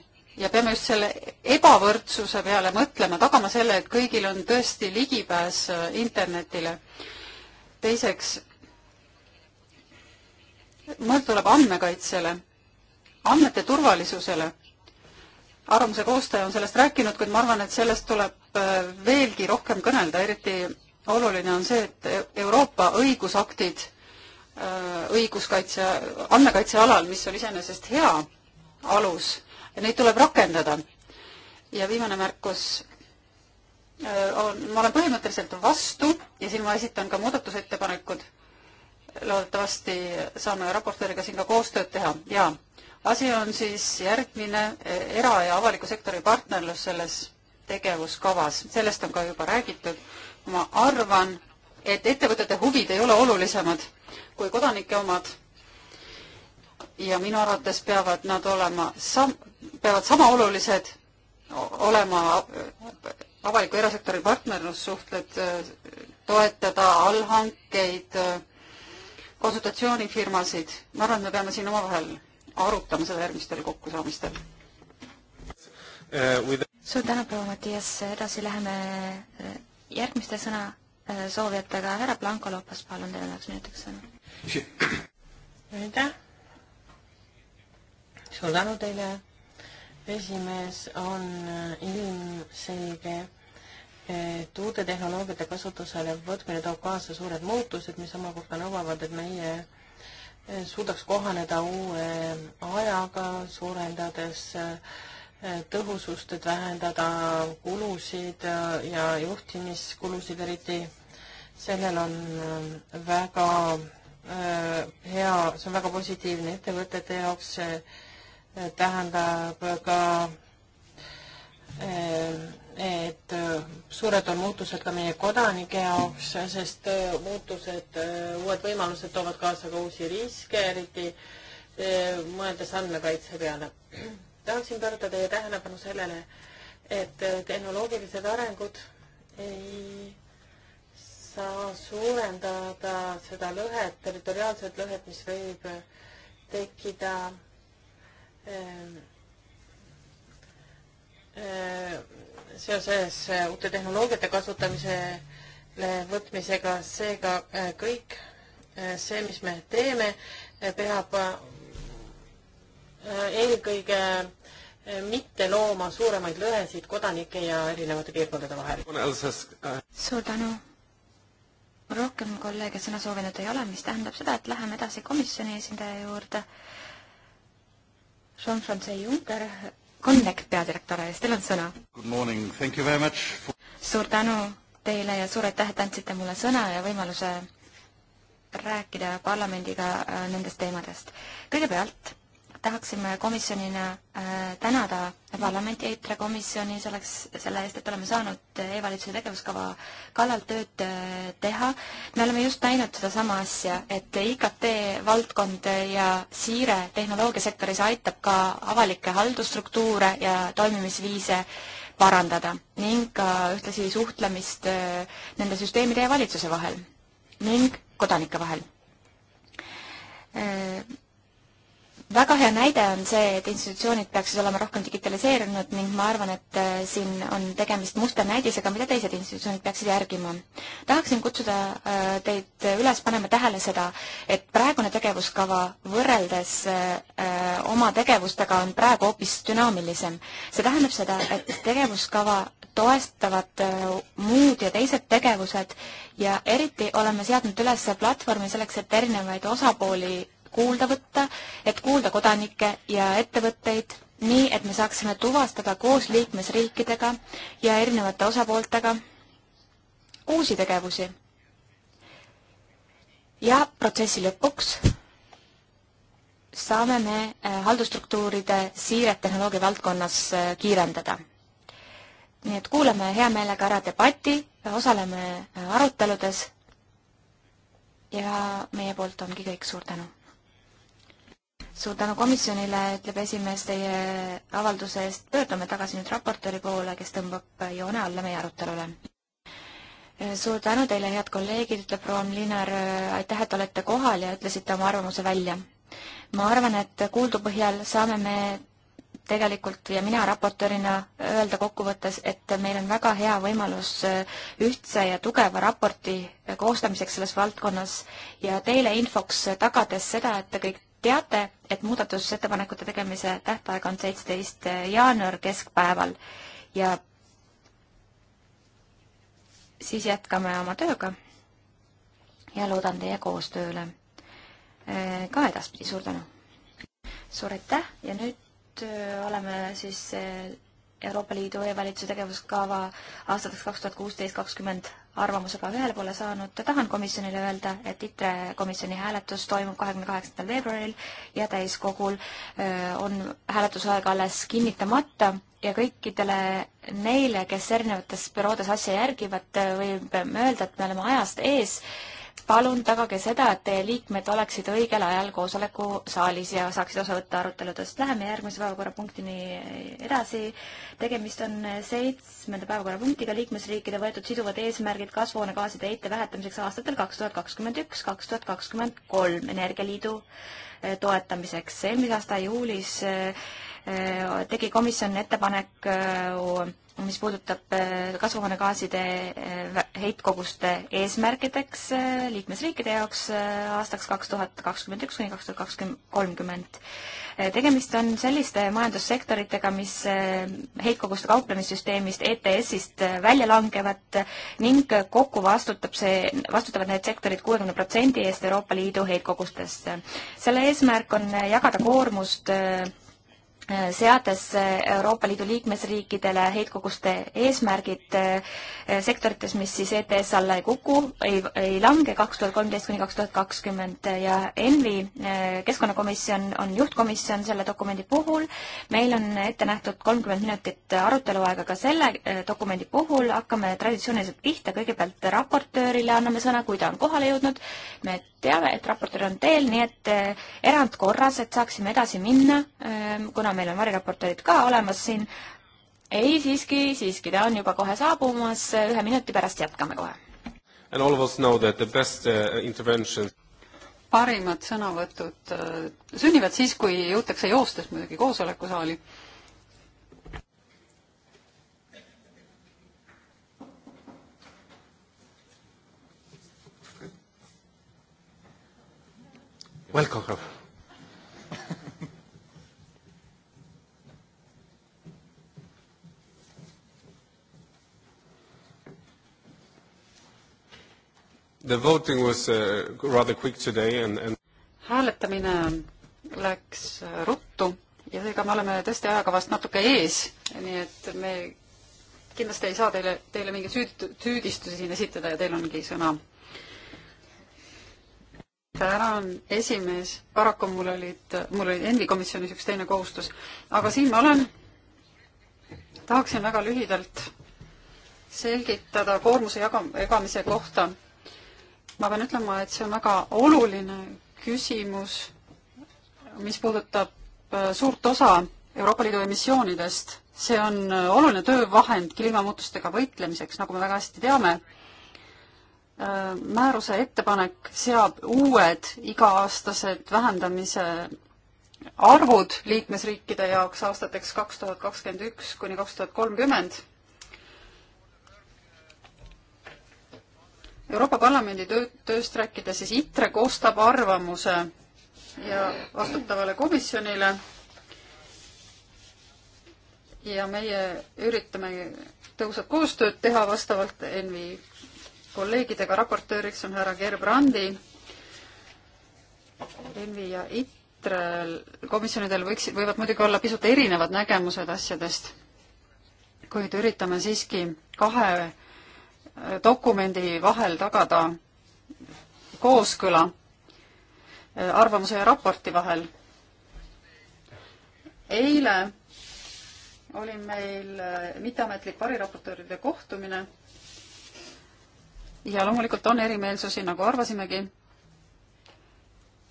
ja peame just selle ebavõrdsuse peale mõtlema, tagama selle, et kõigil on tõesti ligipääs äh, internetile. teiseks, mõeld tuleb andmekaitsele, andmete turvalisusele arvamuse koostaja on sellest rääkinud, kuid ma arvan, et sellest tuleb äh, veelgi rohkem kõnelda, eriti oluline on see, et e-, Euroopa õigusaktid äh, õiguskaitse, andmekaitse alal, mis on iseenesest hea alus, neid tuleb rakendada. ja viimane märkus äh, on, ma olen põhimõtteliselt vastu ja siin ma esitan ka muudatusettepanekud. loodetavasti saame raportööriga siin ka koostööd teha ja asi on siis järgmine e, era- ja avaliku sektori partnerlus selles tegevuskavas, sellest on ka juba räägitud. ma arvan, et ettevõtete huvid ei ole olulisemad kui kodanike omad. ja minu arvates peavad nad olema sam-, peavad sama olulised olema e, avaliku erasektori partnerlussuhted, e, toetada allhankeid, konsultatsioonifirmasid, ma arvan, et me peame siin omavahel arutame seda järgmistel kokkusaamistel uh,. With... suur tänu, proua Mattias, edasi läheme eh, järgmiste sõnasoovijatega, eh, härra Blanco Lopas, palun teile üheks minutiks sõna. aitäh suur tänu teile. esimees on ilmselge, et uute tehnoloogiate kasutusele võtmine toob kaasa suured muutused, mis omakorda nõuavad, et meie suudaks kohaneda uue ajaga, suurendades eh, tõhusust, et vähendada kulusid eh, ja juhtimiskulusid eriti. sellel on eh, väga hea, see on väga positiivne ettevõtete jaoks, see tähendab ka et äh, suured on muutused ka meie kodanike jaoks, sest äh, muutused, äh, uued võimalused toovad kaasa ka uusi riske, eriti mõeldes andmekaitse peale. tahaksin pöörata teie tähelepanu sellele, et tehnoloogilised arengud ei saa suurendada seda lõhet, territoriaalset lõhet, mis võib tekkida äh, äh, seoses äh, uute tehnoloogiate kasutamisele võtmisega, seega äh, kõik äh, see, mis me teeme, peab eelkõige mitte looma suuremaid lõhesid kodanike ja erinevate piirkondade vahel. Uh, suur tänu. rohkem kolleege sõna soovinud ei ole, mis tähendab seda, et läheme edasi komisjoni esindaja juurde. Jean-Francois Juncker Connect peadirektorile, teil on sõna. For... suur tänu teile ja suur aitäh, et andsite mulle sõna ja võimaluse rääkida parlamendiga äh, nendest teemadest. kõigepealt tahaksime komisjonina äh, tänada parlamenti EITRE komisjoni selleks, selle eest, et oleme saanud e-valitsuse tegevuskava kallal tööd äh, teha. me oleme just näinud sedasama asja, et IKT valdkond ja siire tehnoloogiasektoris aitab ka avalikke haldusstruktuure ja toimimisviise parandada ning ka ühtlasi suhtlemist äh, nende süsteemide ja valitsuse vahel ning kodanike vahel äh, väga hea näide on see, et institutsioonid peaksid olema rohkem digitaliseerunud ning ma arvan, et äh, siin on tegemist musta näidisega, mida teised institutsioonid peaksid järgima. tahaksin kutsuda äh, teid üles panema tähele seda, et praegune tegevuskava võrreldes äh, oma tegevustega on praegu hoopis dünaamilisem. see tähendab seda, et tegevuskava toestavad muud ja teised tegevused ja eriti oleme seadnud üles platvormi selleks, et erinevaid osapooli kuulda võtta, et kuulda kodanikke ja ettevõtteid, nii et me saaksime tuvastada koos liikmesriikidega ja erinevate osapooltega uusi tegevusi. ja protsessi lõpuks saame me eh, haldusstruktuuride siiret tehnoloogia valdkonnas eh, kiirendada. nii et kuulame hea meelega ära debati, osaleme eh, aruteludes ja meie poolt ongi kõik, suur tänu! suur tänu komisjonile, ütleb esimees teie avalduse eest. pöördume tagasi nüüd raportööri poole, kes tõmbab joone alla meie arutelule. suur tänu teile, head kolleegid, ütleb proua Linar, aitäh, et olete kohal ja ütlesite oma arvamuse välja. ma arvan, et kuuldu põhjal saame me tegelikult ja mina raportöörina öelda kokkuvõttes, et meil on väga hea võimalus ühtse ja tugeva raporti koostamiseks selles valdkonnas ja teile infoks tagades seda, et te kõik teate, et muudatusettepanekute tegemise tähtaeg on seitseteist jaanuar keskpäeval ja siis jätkame oma tööga ja loodan teie koostööle eh, ka edaspidi, suur tänu! suur aitäh ja nüüd eh, oleme siis eh, Euroopa Liidu e-valitsuse tegevuskava aastateks kaks tuhat kuusteist kakskümmend arvamusega ühele poole saanud, tahan komisjonile öelda, et ITRE komisjoni hääletus toimub kahekümne kaheksandal veebruaril ja täiskogul äh, on hääletusaeg alles kinnitamata ja kõikidele neile, kes erinevates büroodes asja järgivad, äh, võime öelda, et me oleme ajast ees palun tagage seda, et teie liikmed oleksid õigel ajal koosolekusaalis ja saaksid osa võtta aruteludest. Läheme järgmise päevakorrapunktini edasi. tegemist on seitsmenda päevakorrapunktiga liikmesriikide võetud siduvad eesmärgid kasvuhoonegaaside heite vähetamiseks aastatel kaks tuhat kakskümmend üks, kaks tuhat kakskümmend kolm Energialiidu eh, toetamiseks. eelmise aasta juulis eh, eh, tegi komisjon ettepaneku mis puudutab äh, kasvuhoonegaaside äh, heitkoguste eesmärkideks äh, liikmesriikide jaoks aastaks kaks tuhat kakskümmend üks kuni kaks tuhat kakskümmend kolmkümmend. tegemist on selliste majandussektoritega, mis heitkoguste kauplemissüsteemist, ETS-ist välja langevad ning kokku vastutab see, vastutavad need sektorid kuuekümne protsendi eest Euroopa Liidu heitkogustest. selle eesmärk on jagada koormust Äh, seades äh, Euroopa Liidu liikmesriikidele heitkoguste eesmärgid äh, sektorites, mis siis ETS alla ei kuku, ei, ei lange kaks tuhat kolmteist kuni kaks tuhat kakskümmend ja ENVI, keskkonnakomisjon on juhtkomisjon selle dokumendi puhul. meil on ette nähtud kolmkümmend minutit arutelu aega ka selle dokumendi puhul, hakkame traditsiooniliselt pihta, kõigepealt raportöörile anname sõna, kui ta on kohale jõudnud. me teame, et raportöör on teel, nii et eh, erandkorras, et saaksime edasi minna, eh, kuna meil on variraportöörid ka olemas siin. ei, siiski, siiski, ta on juba kohe saabumas, eh, ühe minuti pärast jätkame kohe. And all of us know that the best uh, intervention parimad sõnavõtud sünnivad siis, kui jõutakse joostes muidugi koosolekusaali Welcome. The voting was uh, rather quick today and, and hääletamine läks äh, ruttu ja seega me oleme tõesti ajakavast natuke ees, nii et me kindlasti ei saa teile, teile mingeid süüd-, süüdistusi siin esitada ja teil ongi sõna tänan, esimees, paraku mul olid, mul oli endi komisjonis üks teine kohustus, aga siin ma olen. tahaksin väga lühidalt selgitada koormuse jaga-, jagamise kohta. ma pean ütlema, et see on väga oluline küsimus, mis puudutab äh, suurt osa Euroopa Liidu emissioonidest. see on äh, oluline töövahend kliimamuutustega võitlemiseks, nagu me väga hästi teame Äh, määruse ettepanek seab uued iga-aastased vähendamise arvud liikmesriikide jaoks aastateks kaks tuhat kakskümmend üks kuni kaks tuhat kolmkümmend. Euroopa Parlamendi töö, tööst rääkides siis ITRE koostab arvamuse ja vastutavale komisjonile. ja meie üritame tõhusat koostööd teha vastavalt ENVI kolleegidega, raportööriks on härra Gerbrandi. Envi ja ITRE komisjonidel võiks, võivad muidugi olla pisut erinevad nägemused asjadest, kuid üritame siiski kahe äh, dokumendi vahel tagada kooskõla äh, arvamuse ja raporti vahel. eile oli meil äh, mitteametlik variraportööride kohtumine ja loomulikult on erimeelsusi, nagu arvasimegi.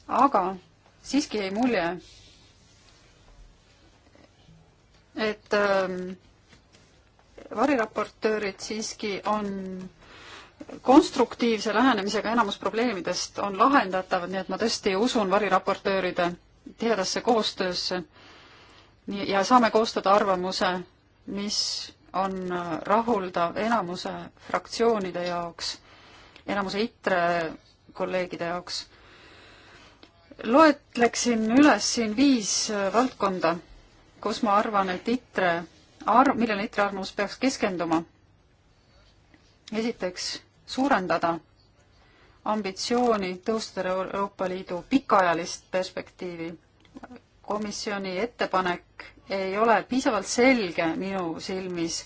aga siiski jäi mulje, et ähm, variraportöörid siiski on konstruktiivse lähenemisega enamus probleemidest on lahendatavad, nii et ma tõesti usun variraportööride tihedasse koostöösse. ja saame koostada arvamuse, mis on äh, rahuldav enamuse fraktsioonide jaoks enamuse ITRE kolleegide jaoks. loetleksin üles siin viis äh, valdkonda, kus ma arvan, et ITRE arv, millele ITRE arvamus peaks keskenduma. esiteks, suurendada ambitsiooni tõustada Euroopa Liidu pikaajalist perspektiivi. komisjoni ettepanek ei ole piisavalt selge minu silmis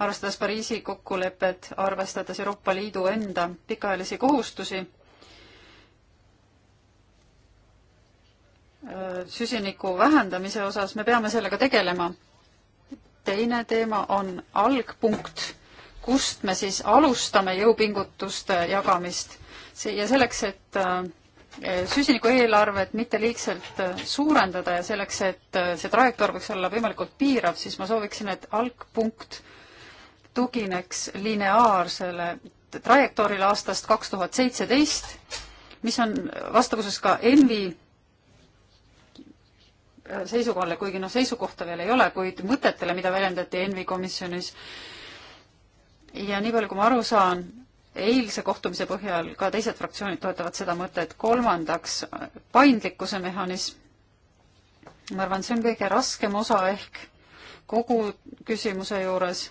arvestades Pariisi kokkulepet, arvestades Euroopa Liidu enda pikaajalisi kohustusi, äh, süsiniku vähendamise osas, me peame sellega tegelema. teine teema on algpunkt, kust me siis alustame jõupingutuste jagamist. ja selleks, et äh, süsiniku eelarvet mitte liigselt äh, suurendada ja selleks, et see trajektoor võiks olla võimalikult piirav, siis ma sooviksin, et algpunkt tugineks lineaarsele trajektoorile aastast kaks tuhat seitseteist, mis on vastavuses ka ENVi äh, seisukohale, kuigi noh, seisukohta veel ei ole, kuid mõtetele, mida väljendati ENVi komisjonis. ja nii palju, kui ma aru saan, eilse kohtumise põhjal ka teised fraktsioonid toetavad seda mõtet. kolmandaks, paindlikkuse mehhanism. ma arvan, see on kõige raskem osa ehk kogu küsimuse juures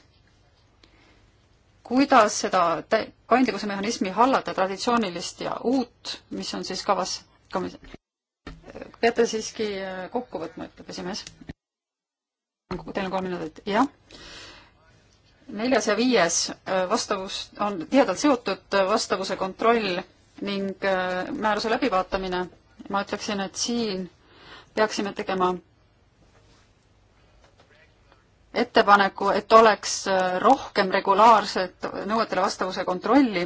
kuidas seda paindlikkuse mehhanismi hallata, traditsioonilist ja uut, mis on siis kavas komis-? peate siiski äh, kokku võtma, ütleb esimees. Teil on kolm minutit, jah. neljas ja viies äh, vastavus on tihedalt seotud, äh, vastavuse kontroll ning määruse läbivaatamine. ma ütleksin, et siin peaksime tegema ettepaneku, et oleks äh, rohkem regulaarset nõuetele vastavuse kontrolli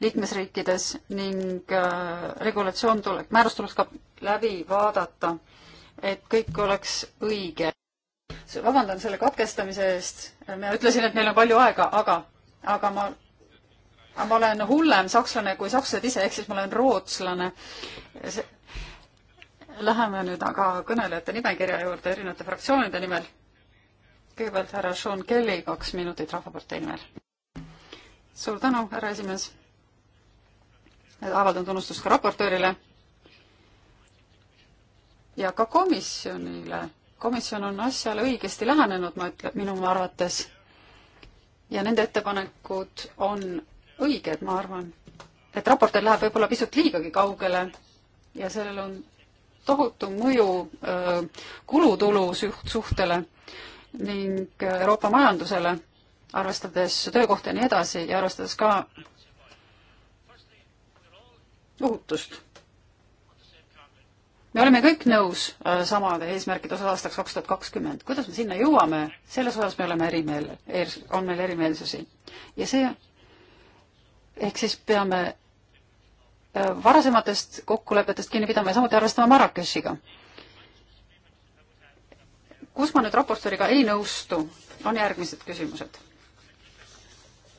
liikmesriikides ning äh, regulatsioon tuleb, määrus tuleks ka läbi vaadata, et kõik oleks õige. vabandan selle katkestamise eest, ma ütlesin, et meil on palju aega, aga, aga ma, ma olen hullem sakslane kui sakslased ise, ehk siis ma olen rootslane. Läheme nüüd aga kõnelejate nimekirja juurde erinevate fraktsioonide nimel kõigepealt härra Sean Kelly, kaks minutit Rahvapartei nimel. suur tänu, härra esimees. avaldan tunnustust ka raportöörile ja ka komisjonile. komisjon on asjale õigesti lähenenud, ma ütlen, minu arvates. ja nende ettepanekud on õiged, ma arvan. et raportöör läheb võib-olla pisut liigagi kaugele ja sellel on tohutu mõju äh, kulutulu suhtele ning Euroopa majandusele, arvestades töökohti ja nii edasi ja arvestades ka ohutust. me oleme kõik nõus äh, samade eesmärkide osas aastaks kaks tuhat kakskümmend. kuidas me sinna jõuame, selles osas me oleme erimeel, on meil erimeelsusi. ja see, ehk siis peame äh, varasematest kokkulepetest kinni pidama ja samuti arvestama Marrakechiga kus ma nüüd raportööriga ei nõustu, on järgmised küsimused.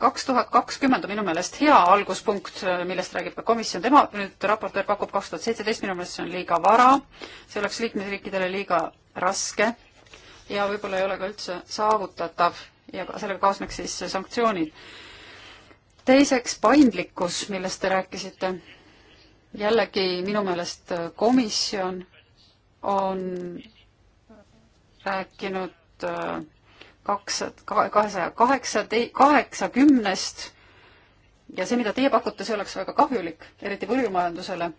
kaks tuhat kakskümmend on minu meelest hea alguspunkt, millest räägib ka komisjon, tema nüüd raportöör pakub kaks tuhat seitseteist, minu meelest see on liiga vara, see oleks liikmesriikidele liiga raske ja võib-olla ei ole ka üldse saavutatav ja ka sellega kaasneks siis sanktsioonid. teiseks paindlikkus, millest te rääkisite. jällegi minu meelest komisjon on rääkinud äh, kakssada, kahesaja kaheksa, kaheksakümnest ja see, mida teie pakute, see oleks väga kahjulik, eriti põllumajandusele,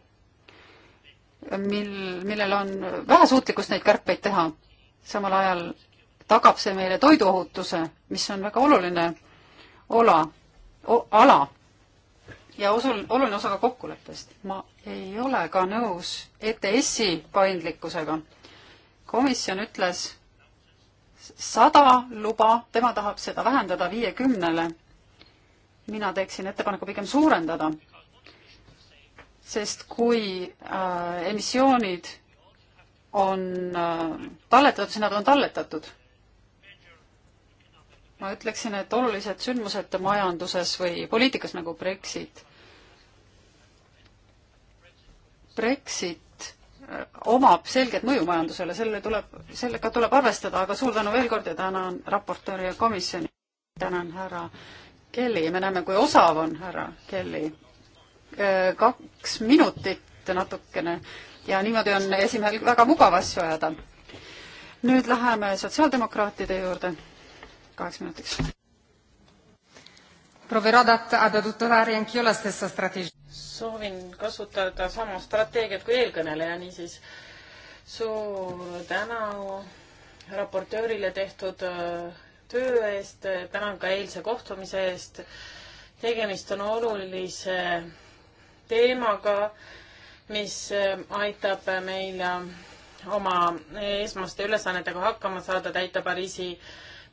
mil, millel on vähe suutlikkust neid kärpeid teha. samal ajal tagab see meile toiduohutuse, mis on väga oluline ola, ala ja osul, oluline osa ka kokkuleppest. ma ei ole ka nõus ETS-i paindlikkusega komisjon ütles sada luba, tema tahab seda vähendada viiekümnele. mina teeksin ettepaneku pigem suurendada, sest kui äh, emissioonid on äh, talletatud, siis nad on talletatud. ma ütleksin, et olulised sündmused majanduses või poliitikas nagu Brexit Brexit omab selget mõju majandusele, sellele tuleb, sellega tuleb arvestada, aga suur tänu veel kord ja tänan raportööri ja komisjoni. tänan härra Kelly, me näeme, kui osav on härra Kelly. Äh, kaks minutit natukene ja niimoodi on esimehel väga mugav asju ajada. nüüd läheme sotsiaaldemokraatide juurde. kaheks minutiks. Proverò ad adottare anch'io la stessa strategia soovin kasutada sama strateegiat kui eelkõneleja, niisiis suur tänu raportöörile tehtud äh, töö eest, tänan ka eilse kohtumise eest. tegemist on olulise teemaga, mis äh, aitab meil äh, oma esmaste ülesannetega hakkama saada, täita Pariisi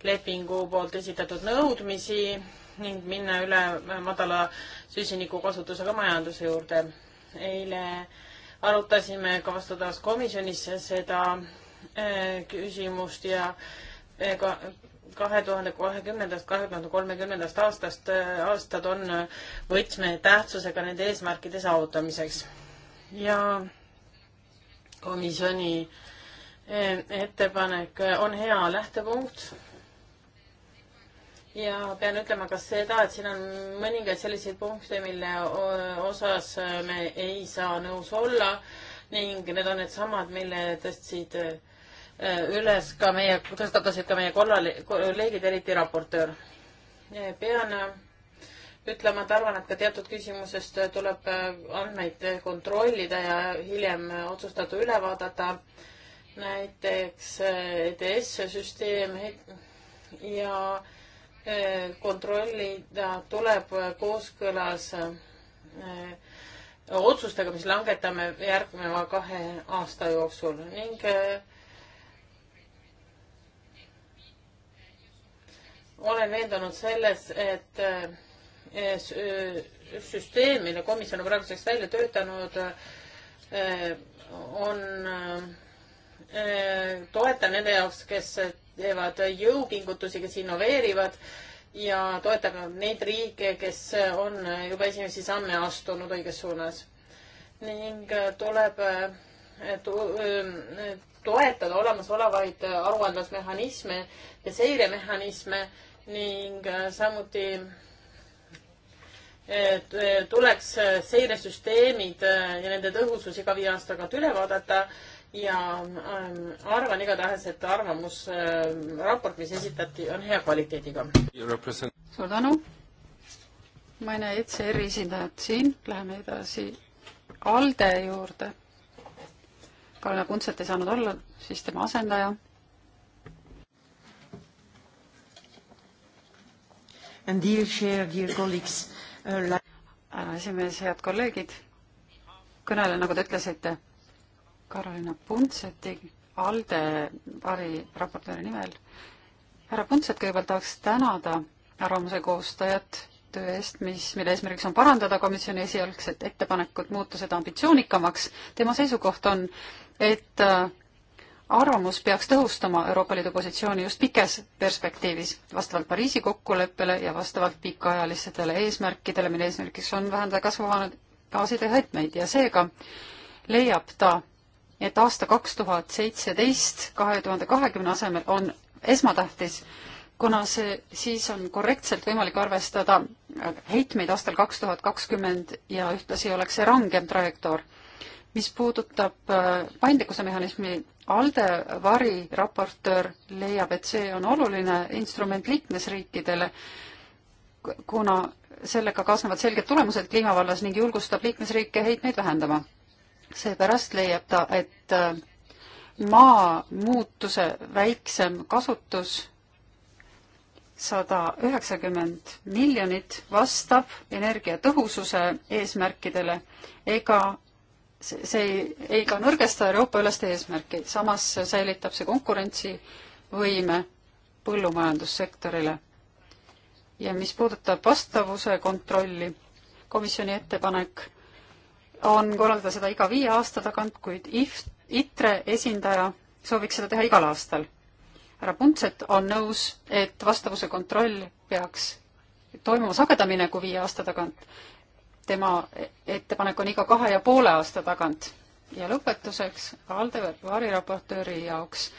lepingu poolt esitatud nõudmisi ning minna üle madala süsiniku kasutusega majanduse juurde. eile arutasime ka vastutavas komisjonis seda eh, küsimust ja eh, kahe tuhande kahekümnendast, kahe tuhande kolmekümnendast aastast, eh, aastad on võtmetähtsusega nende eesmärkide saavutamiseks. ja komisjoni ettepanek on hea lähtepunkt ja pean ütlema ka seda, et siin on mõningaid selliseid punkte, mille osas äh, me ei saa nõus olla ning need on needsamad, mille tõstsid äh, üles ka meie, tõstatasid ka meie kolleegid, eriti raportöör. pean äh, ütlema, et arvan, et ka teatud küsimusest tuleb andmeid kontrollida ja hiljem otsustatu üle vaadata. näiteks ETS-süsteem ja äh, kontrollida tuleb kooskõlas äh, otsustega, mis langetame järgneva kahe aasta jooksul ning äh, olen veendunud selles, et äh, süsteem, mille komisjon on praeguseks välja töötanud, on, toetan nende jaoks, kes teevad jõupingutusi, kes innoveerivad ja toetavad neid riike, kes on juba esimesi samme astunud õiges suunas. ning äh, tuleb äh, äh, toetada olemasolevaid aruandlusmehhanisme ja seiremehhanisme ning samuti tuleks seiresüsteemid ja nende tõhusus iga viie aasta tagant üle vaadata ja ähm, arvan igatahes, et arvamusraport, ähm, mis esitati, on hea kvaliteediga. suur tänu. ma ei näe ECR-i esindajat siin, läheme edasi ALDE juurde. Kalle Kuntset ei saanud olla, siis tema asendaja. härra uh, äh, esimees, head kolleegid, kõnelen, nagu te ütlesite Karolina Puntseti ALDE pari raportööri nimel. härra Puntset, kõigepealt tahaks tänada arvamuse koostajat töö eest, mis, mille eesmärgiks on parandada komisjoni esialgset ettepanekut, muuta seda ambitsioonikamaks. tema seisukoht on, et äh, arvamus peaks tõhustama Euroopa Liidu positsiooni just pikes perspektiivis, vastavalt Pariisi kokkuleppele ja vastavalt pikaajalistele eesmärkidele, mille eesmärgiks on vähendada kasvuhoonegaaside heitmeid ja seega leiab ta, et aasta kaks tuhat seitseteist kahe tuhande kahekümne asemel on esmatähtis, kuna see, siis on korrektselt võimalik arvestada heitmeid aastal kaks tuhat kakskümmend ja ühtlasi oleks see rangem trajektoor. mis puudutab äh, paindlikkuse mehhanismi, ALDE variraportöör leiab, et see on oluline instrument liikmesriikidele, kuna sellega kaasnevad selged tulemused kliima vallas ning julgustab liikmesriike heitmeid vähendama seepärast leiab ta, et äh, maa muutuse väiksem kasutus sada üheksakümmend miljonit vastab energiatõhususe eesmärkidele ega see ei, ei ka nõrgesta Euroopa ülest eesmärki, samas säilitab see konkurentsivõime põllumajandussektorile. ja mis puudutab vastavuse kontrolli, komisjoni ettepanek on korraldada seda iga viie aasta tagant, kuid IF, ITRE esindaja sooviks seda teha igal aastal. härra Puntset on nõus, et vastavuse kontroll peaks toimuma sagedamini kui viie aasta tagant. tema ettepanek on iga kahe ja poole aasta tagant. ja lõpetuseks Alde variraportööri jaoks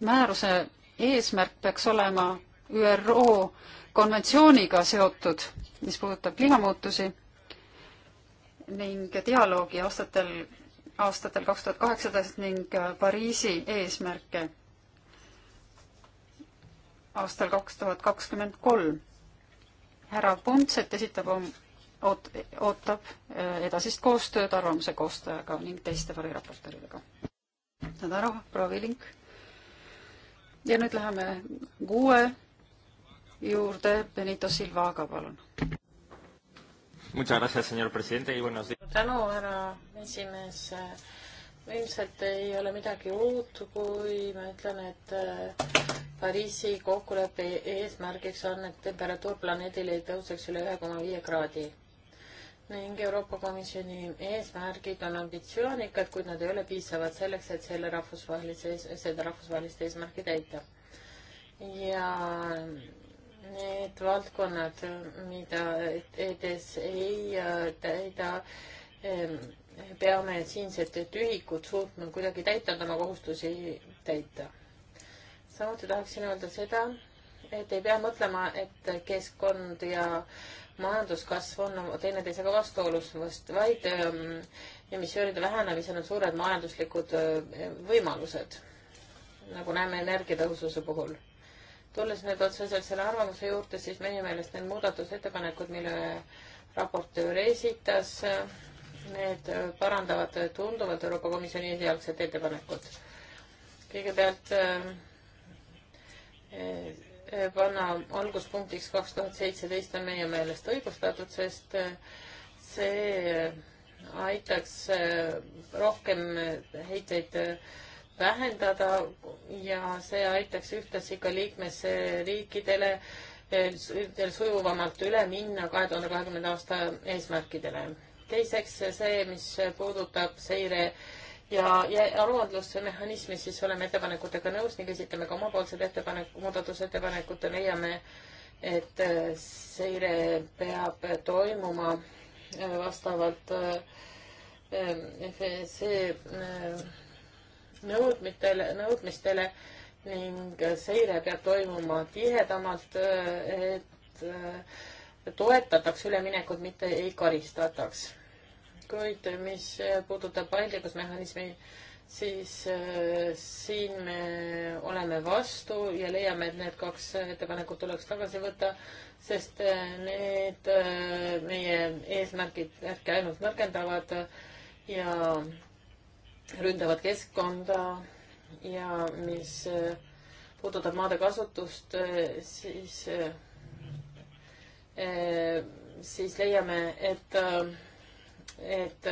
määruse eesmärk peaks olema ÜRO konventsiooniga seotud, mis puudutab kliimamuutusi ning dialoogi aastatel, aastatel kaks tuhat kaheksateist ning äh, Pariisi eesmärke aastal kaks tuhat kakskümmend kolm. härra Pontset esitab om-, oot-, ootab äh, edasist koostööd arvamuse koostajaga ning teiste variraportööridega. saad aru, proovi link. ja nüüd läheme kuue juurde, Benito Silvaga, palun tänu, härra esimees. ilmselt ei ole midagi uut, kui ma ütlen, et äh, Pariisi kokkuleppe eesmärgiks on, et temperatuur planeedil ei tõuseks üle ühe koma viie kraadi ning Euroopa Komisjoni eesmärgid on ambitsioonikad, kuid nad ei ole piisavad selleks, et selle rahvusvahelise, seda rahvusvahelist eesmärki täita. ja need valdkonnad, mida EDS ei äh, täida, ähm, peame siinsed tühikud suutma kuidagi täita, oma kohustusi täita. samuti tahaksin öelda seda, et ei pea mõtlema, et keskkond ja majanduskasv on teineteisega vastuolus, vaid ähm, emissioonide vähenemisel on suured majanduslikud äh, võimalused, nagu näeme energiatõhususe puhul tulles nüüd otseselt selle arvamuse juurde, siis meie meelest need muudatusettepanekud, mille raportöör esitas, need parandavad tunduvalt Euroopa Komisjoni esialgset ettepanekut. kõigepealt äh, äh, panna alguspunktiks kaks tuhat seitseteist on meie meelest õigustatud, sest äh, see aitaks rohkem heiteid vähendada ja see aitaks ühtlasi ka liikmesriikidele sujuvamalt üle minna kahe tuhande kahekümnenda aasta eesmärkidele. teiseks see, mis puudutab seire ja, ja aruandlusmehhanismi, siis oleme ettepanekutega nõus ning esitame ka omapoolsed ettepanek, muudatusettepanekud, leiame, et äh, seire peab toimuma äh, vastavalt äh, FSC e, nõudmitele, nõudmistele ning seire peab toimuma tihedamalt, et toetataks üleminekut, mitte ei karistataks. kuid mis puudutab paindlikkusmehhanismi, siis äh, siin me oleme vastu ja leiame, et need kaks ettepanekut tuleks tagasi võtta, sest äh, need äh, meie eesmärgid äkki ainult nõrgendavad ja ründavad keskkonda ja mis eh, puudutab maade kasutust, eh, siis, eh, siis leiame, et, et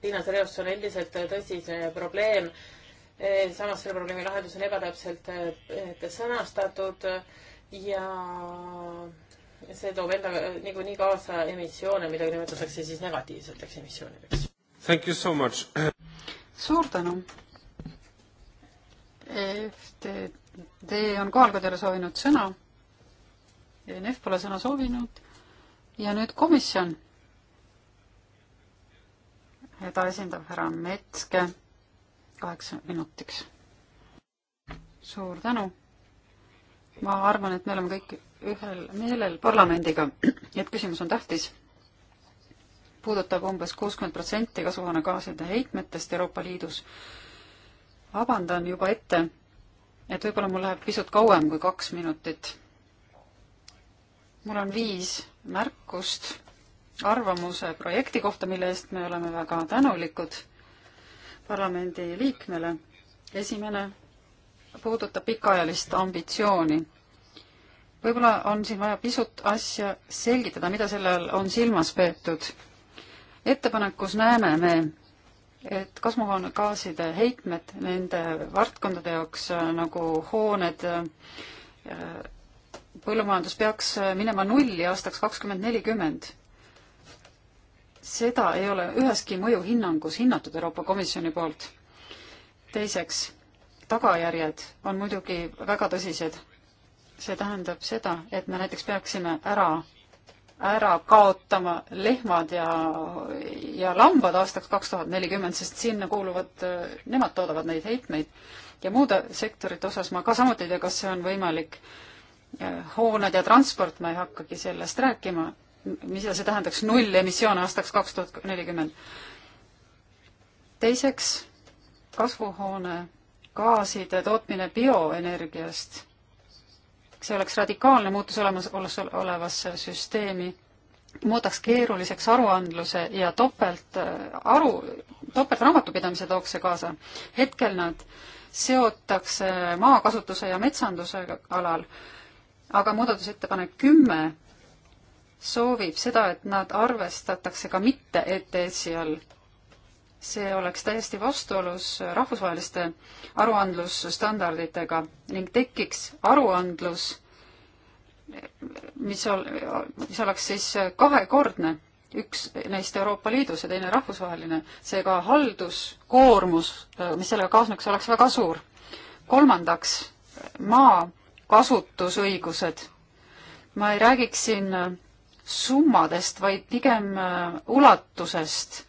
pinnasreostus on endiselt tõsine probleem. samas selle probleemi lahendus on ebatäpselt sõnastatud ja see toob endaga niikuinii kaasa emissioone, mida nimetatakse siis negatiivseteks emissioonideks. Thank you so much suur tänu. EFTD on kohal, kui te ei ole soovinud sõna. ENF pole sõna soovinud. ja nüüd komisjon. ta esindab härra Metske kaheksa minutiks. suur tänu. ma arvan, et me oleme kõik ühel meelel parlamendiga, et küsimus on tähtis puudutab umbes kuuskümmend protsenti kasvuhoonegaaside heitmetest Euroopa Liidus. vabandan juba ette, et võib-olla mul läheb pisut kauem kui kaks minutit. mul on viis märkust arvamuse projekti kohta, mille eest me oleme väga tänulikud parlamendi liikmele. esimene puudutab pikaajalist ambitsiooni võib-olla on siin vaja pisut asja selgitada, mida selle all on silmas peetud ettepanekus näeme me, et kasvuhoonegaaside heitmed nende valdkondade jaoks äh, nagu hooned, äh, põllumajandus peaks äh, minema nulli aastaks kakskümmend nelikümmend. seda ei ole üheski mõjuhinnangus hinnatud Euroopa Komisjoni poolt. teiseks, tagajärjed on muidugi väga tõsised. see tähendab seda, et me näiteks peaksime ära ära kaotama lehmad ja, ja lambad aastaks kaks tuhat nelikümmend, sest sinna kuuluvad, nemad toodavad neid heitmeid. ja muude sektorite osas ma ka samuti ei tea, kas see on võimalik. hooned ja transport, ma ei hakkagi sellest rääkima, mida see tähendaks, null emissioon aastaks kaks tuhat nelikümmend. teiseks, kasvuhoone gaaside tootmine bioenergiast see oleks radikaalne muutus olemas, olevasse süsteemi, muudaks keeruliseks aruandluse ja topelt äh, aru, topeltraamatupidamise tooks see kaasa. hetkel nad seotakse maakasutuse ja metsanduse alal, aga muudatusettepanek kümme soovib seda, et nad arvestatakse ka mitte ETS-i all see oleks täiesti vastuolus rahvusvaheliste aruandlusstandarditega ning tekiks aruandlus, mis ol-, mis oleks siis kahekordne, üks neist Euroopa Liidus ja teine rahvusvaheline, seega halduskoormus, mis sellega kaasneks, oleks väga suur. kolmandaks, maa kasutusõigused. ma ei räägiks siin summadest, vaid pigem ulatusest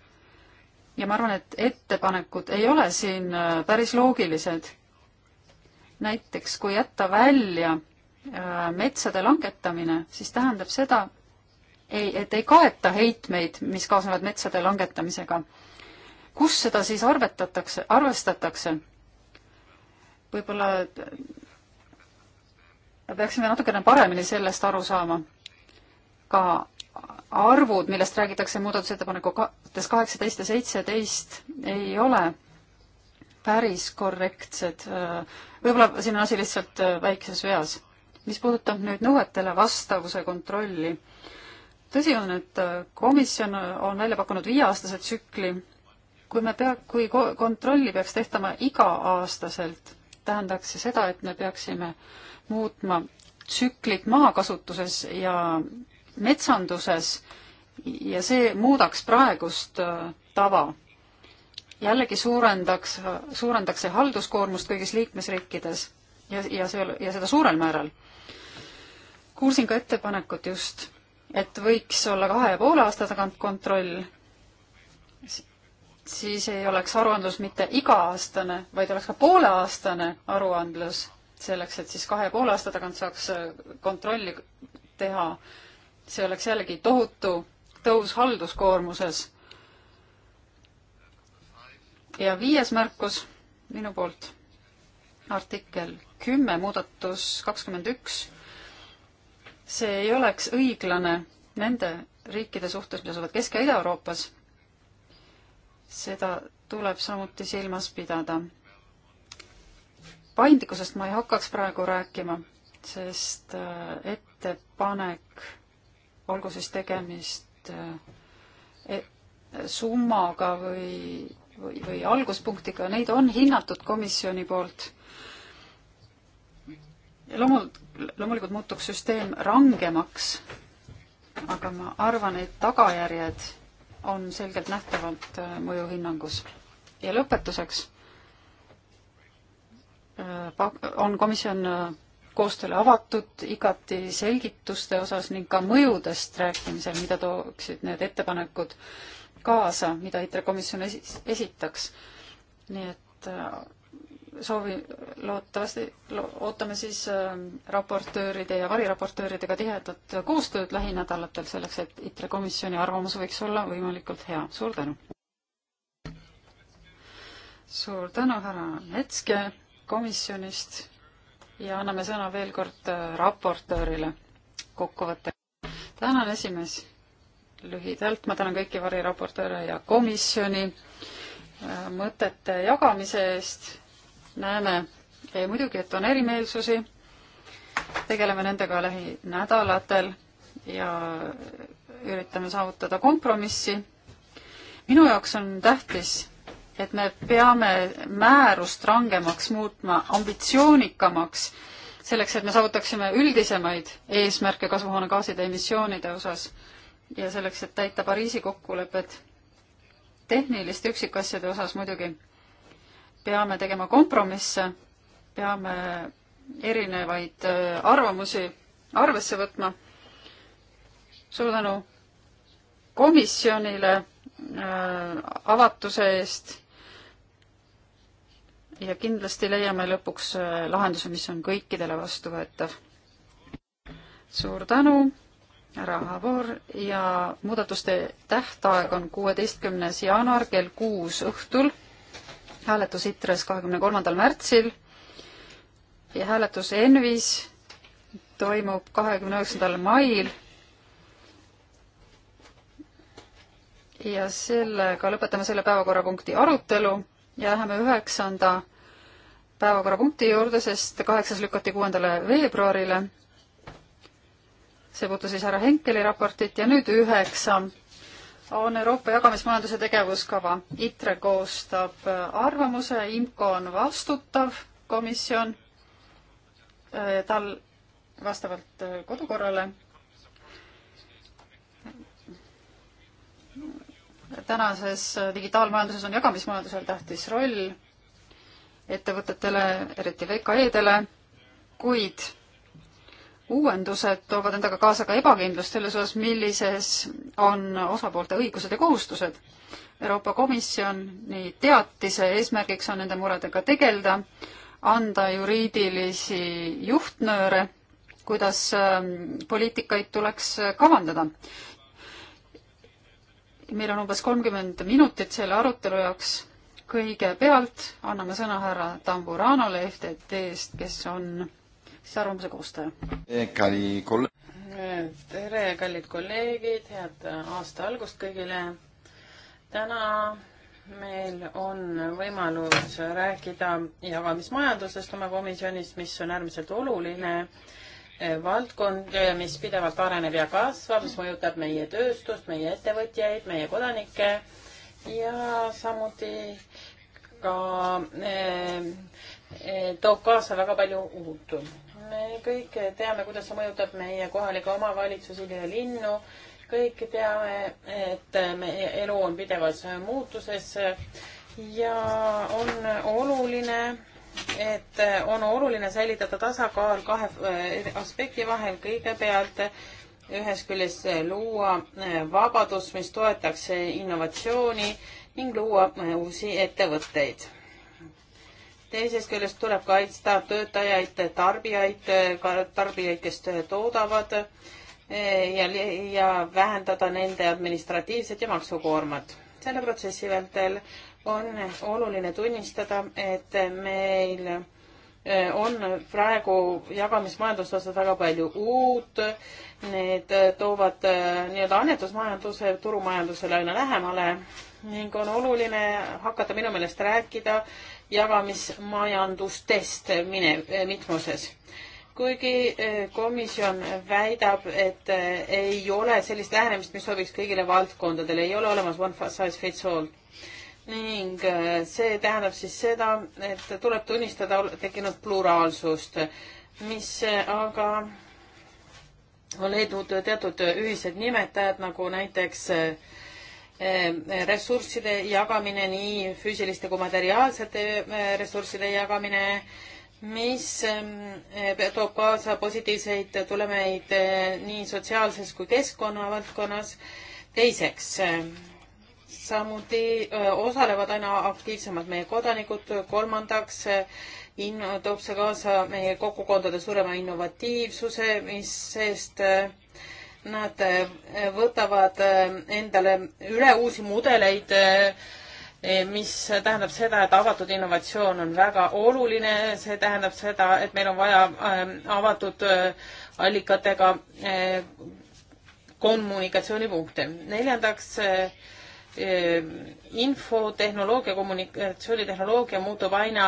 ja ma arvan, et ettepanekud ei ole siin äh, päris loogilised. näiteks kui jätta välja äh, metsade langetamine, siis tähendab seda, ei, et ei kaeta heitmeid, mis kaasnevad metsade langetamisega. kus seda siis arvetatakse, arvestatakse? võib-olla äh, peaksime natukene paremini sellest aru saama. ka arvud, millest räägitakse muudatusettepanekutes kaheksateist ja seitseteist, ei ole päris korrektsed. võib-olla siin on asi lihtsalt äh, väikses veas. mis puudutab nüüd nõuetele vastavuse kontrolli, tõsi on, et äh, komisjon on välja pakkunud viieaastase tsükli. kui me pea-, kui kontrolli peaks tehtama iga-aastaselt, tähendaks see seda, et me peaksime muutma tsüklit maakasutuses ja metsanduses ja see muudaks praegust äh, tava. jällegi suurendaks, suurendaks see halduskoormust kõigis liikmesriikides ja, ja see, ja seda suurel määral. kuulsin ka ettepanekut just, et võiks olla kahe ja poole aasta tagant kontroll, siis ei oleks aruandlus mitte iga-aastane, vaid oleks ka pooleaastane aruandlus, selleks et siis kahe ja poole aasta tagant saaks äh, kontrolli teha see oleks jällegi tohutu tõus halduskoormuses. ja viies märkus minu poolt, artikkel kümme, muudatus kakskümmend üks. see ei oleks õiglane nende riikide suhtes, mis asuvad Kesk- ja Ida-Euroopas. seda tuleb samuti silmas pidada. paindlikkusest ma ei hakkaks praegu rääkima, sest äh, ettepanek olgu siis tegemist eh, e-, summaga või, või, või alguspunktiga, neid on hinnatud komisjoni poolt. loomulikult, loomulikult muutuks süsteem rangemaks, aga ma arvan, et tagajärjed on selgelt nähtavalt eh, mõjuhinnangus. ja lõpetuseks eh, on komisjon koostööle avatud igati selgituste osas ning ka mõjudest rääkimisel, mida tooksid need ettepanekud kaasa, mida ITRE komisjon esi-, esitaks. nii et äh, soovi, loodetavasti lo, ootame siis äh, raportööride ja variraportööridega tihedat koostööd lähinädalatel selleks, et ITRE komisjoni arvamus võiks olla võimalikult hea. suur tänu! suur tänu, härra Metske komisjonist ja anname sõna veel kord äh, raportöörile kokkuvõtteks. tänan, esimees. lühidalt ma tänan kõiki variraportööre ja komisjoni äh, mõtete jagamise eest. näeme Ei, muidugi, et on erimeelsusi. tegeleme nendega lähinädalatel ja üritame saavutada kompromissi. minu jaoks on tähtis et me peame määrust rangemaks muutma, ambitsioonikamaks, selleks, et me saavutaksime üldisemaid eesmärke kasvuhoonegaaside emissioonide osas ja selleks, et täita Pariisi kokkulepet tehniliste üksikasjade osas muidugi peame tegema kompromisse, peame erinevaid äh, arvamusi arvesse võtma. suur tänu komisjonile äh, avatuse eest ja kindlasti leiame lõpuks äh, lahenduse, mis on kõikidele vastuvõetav. suur tänu, härra Havor ja muudatuste tähtaeg on kuueteistkümnes jaanuar kell kuus õhtul, hääletus ITRES kahekümne kolmandal märtsil ja hääletus ENVis toimub kahekümne üheksandal mail ja sellega lõpetame selle päevakorrapunkti arutelu ja läheme üheksanda päevakorrapunkti juurde, sest kaheksas lükati kuuendale veebruarile. see puutus siis härra Henkeli raportit ja nüüd üheksa on Euroopa jagamismajanduse tegevuskava. ITRE koostab arvamuse, IMCO on vastutav komisjon, eh, tal vastavalt eh, kodukorrale tänases digitaalmajanduses on jagamismajandusel tähtis roll ettevõtetele, eriti VKE-dele, kuid uuendused toovad endaga kaasa ka ebakindlust selles osas, millises on osapoolte õigused ja kohustused. Euroopa Komisjoni teatise eesmärgiks on nende muredega tegeleda, anda juriidilisi juhtnööre, kuidas ähm, poliitikaid tuleks kavandada meil on umbes kolmkümmend minutit selle arutelu jaoks. kõigepealt anname sõna härra Tamburanole FTT-st, kes on siis arvamuse koostaja. Eh, eh, tere, kallid kolleegid, head aasta algust kõigile. täna meil on võimalus rääkida jagamismajandusest oma komisjonis, mis on äärmiselt oluline äh, Eh, valdkond, mis pidevalt areneb ja kasvab, mis mõjutab meie tööstust, meie ettevõtjaid, meie kodanikke ja samuti ka eh, eh, toob kaasa väga palju uut. me kõik teame, kuidas see mõjutab meie kohalikke omavalitsusi ja linnu. kõik teame, et meie elu on pidevas muutuses ja on oluline et eh, on oluline säilitada tasakaal kahe eh, aspekti vahel, kõigepealt eh, ühest küljest luua vabadus, mis toetaks innovatsiooni ning luua uusi ettevõtteid. teisest küljest tuleb kaitsta töötajaid, tarbijaid, ka tarbijaid, kes toodavad ja, ja vähendada nende administratiivset ja maksukoormat. selle protsessi vältel on oluline tunnistada, et meil eh, on praegu jagamismajanduste osas väga palju uut, need toovad eh, nii-öelda annetusmajanduse turumajandusele aina lähemale ning on oluline hakata minu meelest rääkida jagamismajandustest mine, mitmuses kuigi eh, komisjon väidab, et ei ole sellist lähenemist, mis sobiks kõigile valdkondadele, ei ole olemas one size fits all ning äh, see tähendab siis seda, et tuleb tunnistada tekkinud pluraalsust, mis äh, aga on leidnud teatud ühised nimetajad, nagu näiteks äh, ressursside jagamine, nii füüsiliste kui materiaalsete ressursside jagamine, mis ähm, toob kaasa positiivseid tulemeid nii sotsiaalses kui keskkonna valdkonnas. teiseks samuti osalevad aina aktiivsemad meie kodanikud, kolmandaks in-, toob see kaasa meie kogukondade suurema innovatiivsuse, mis seest nad võtavad endale üle uusi mudeleid, e, mis tähendab seda, et avatud innovatsioon on väga oluline, see tähendab seda, et meil on vaja avatud allikatega kommunikatsioonipunkte. neljandaks Eh, infotehnoloogia, kommunikatsioonitehnoloogia muutub aina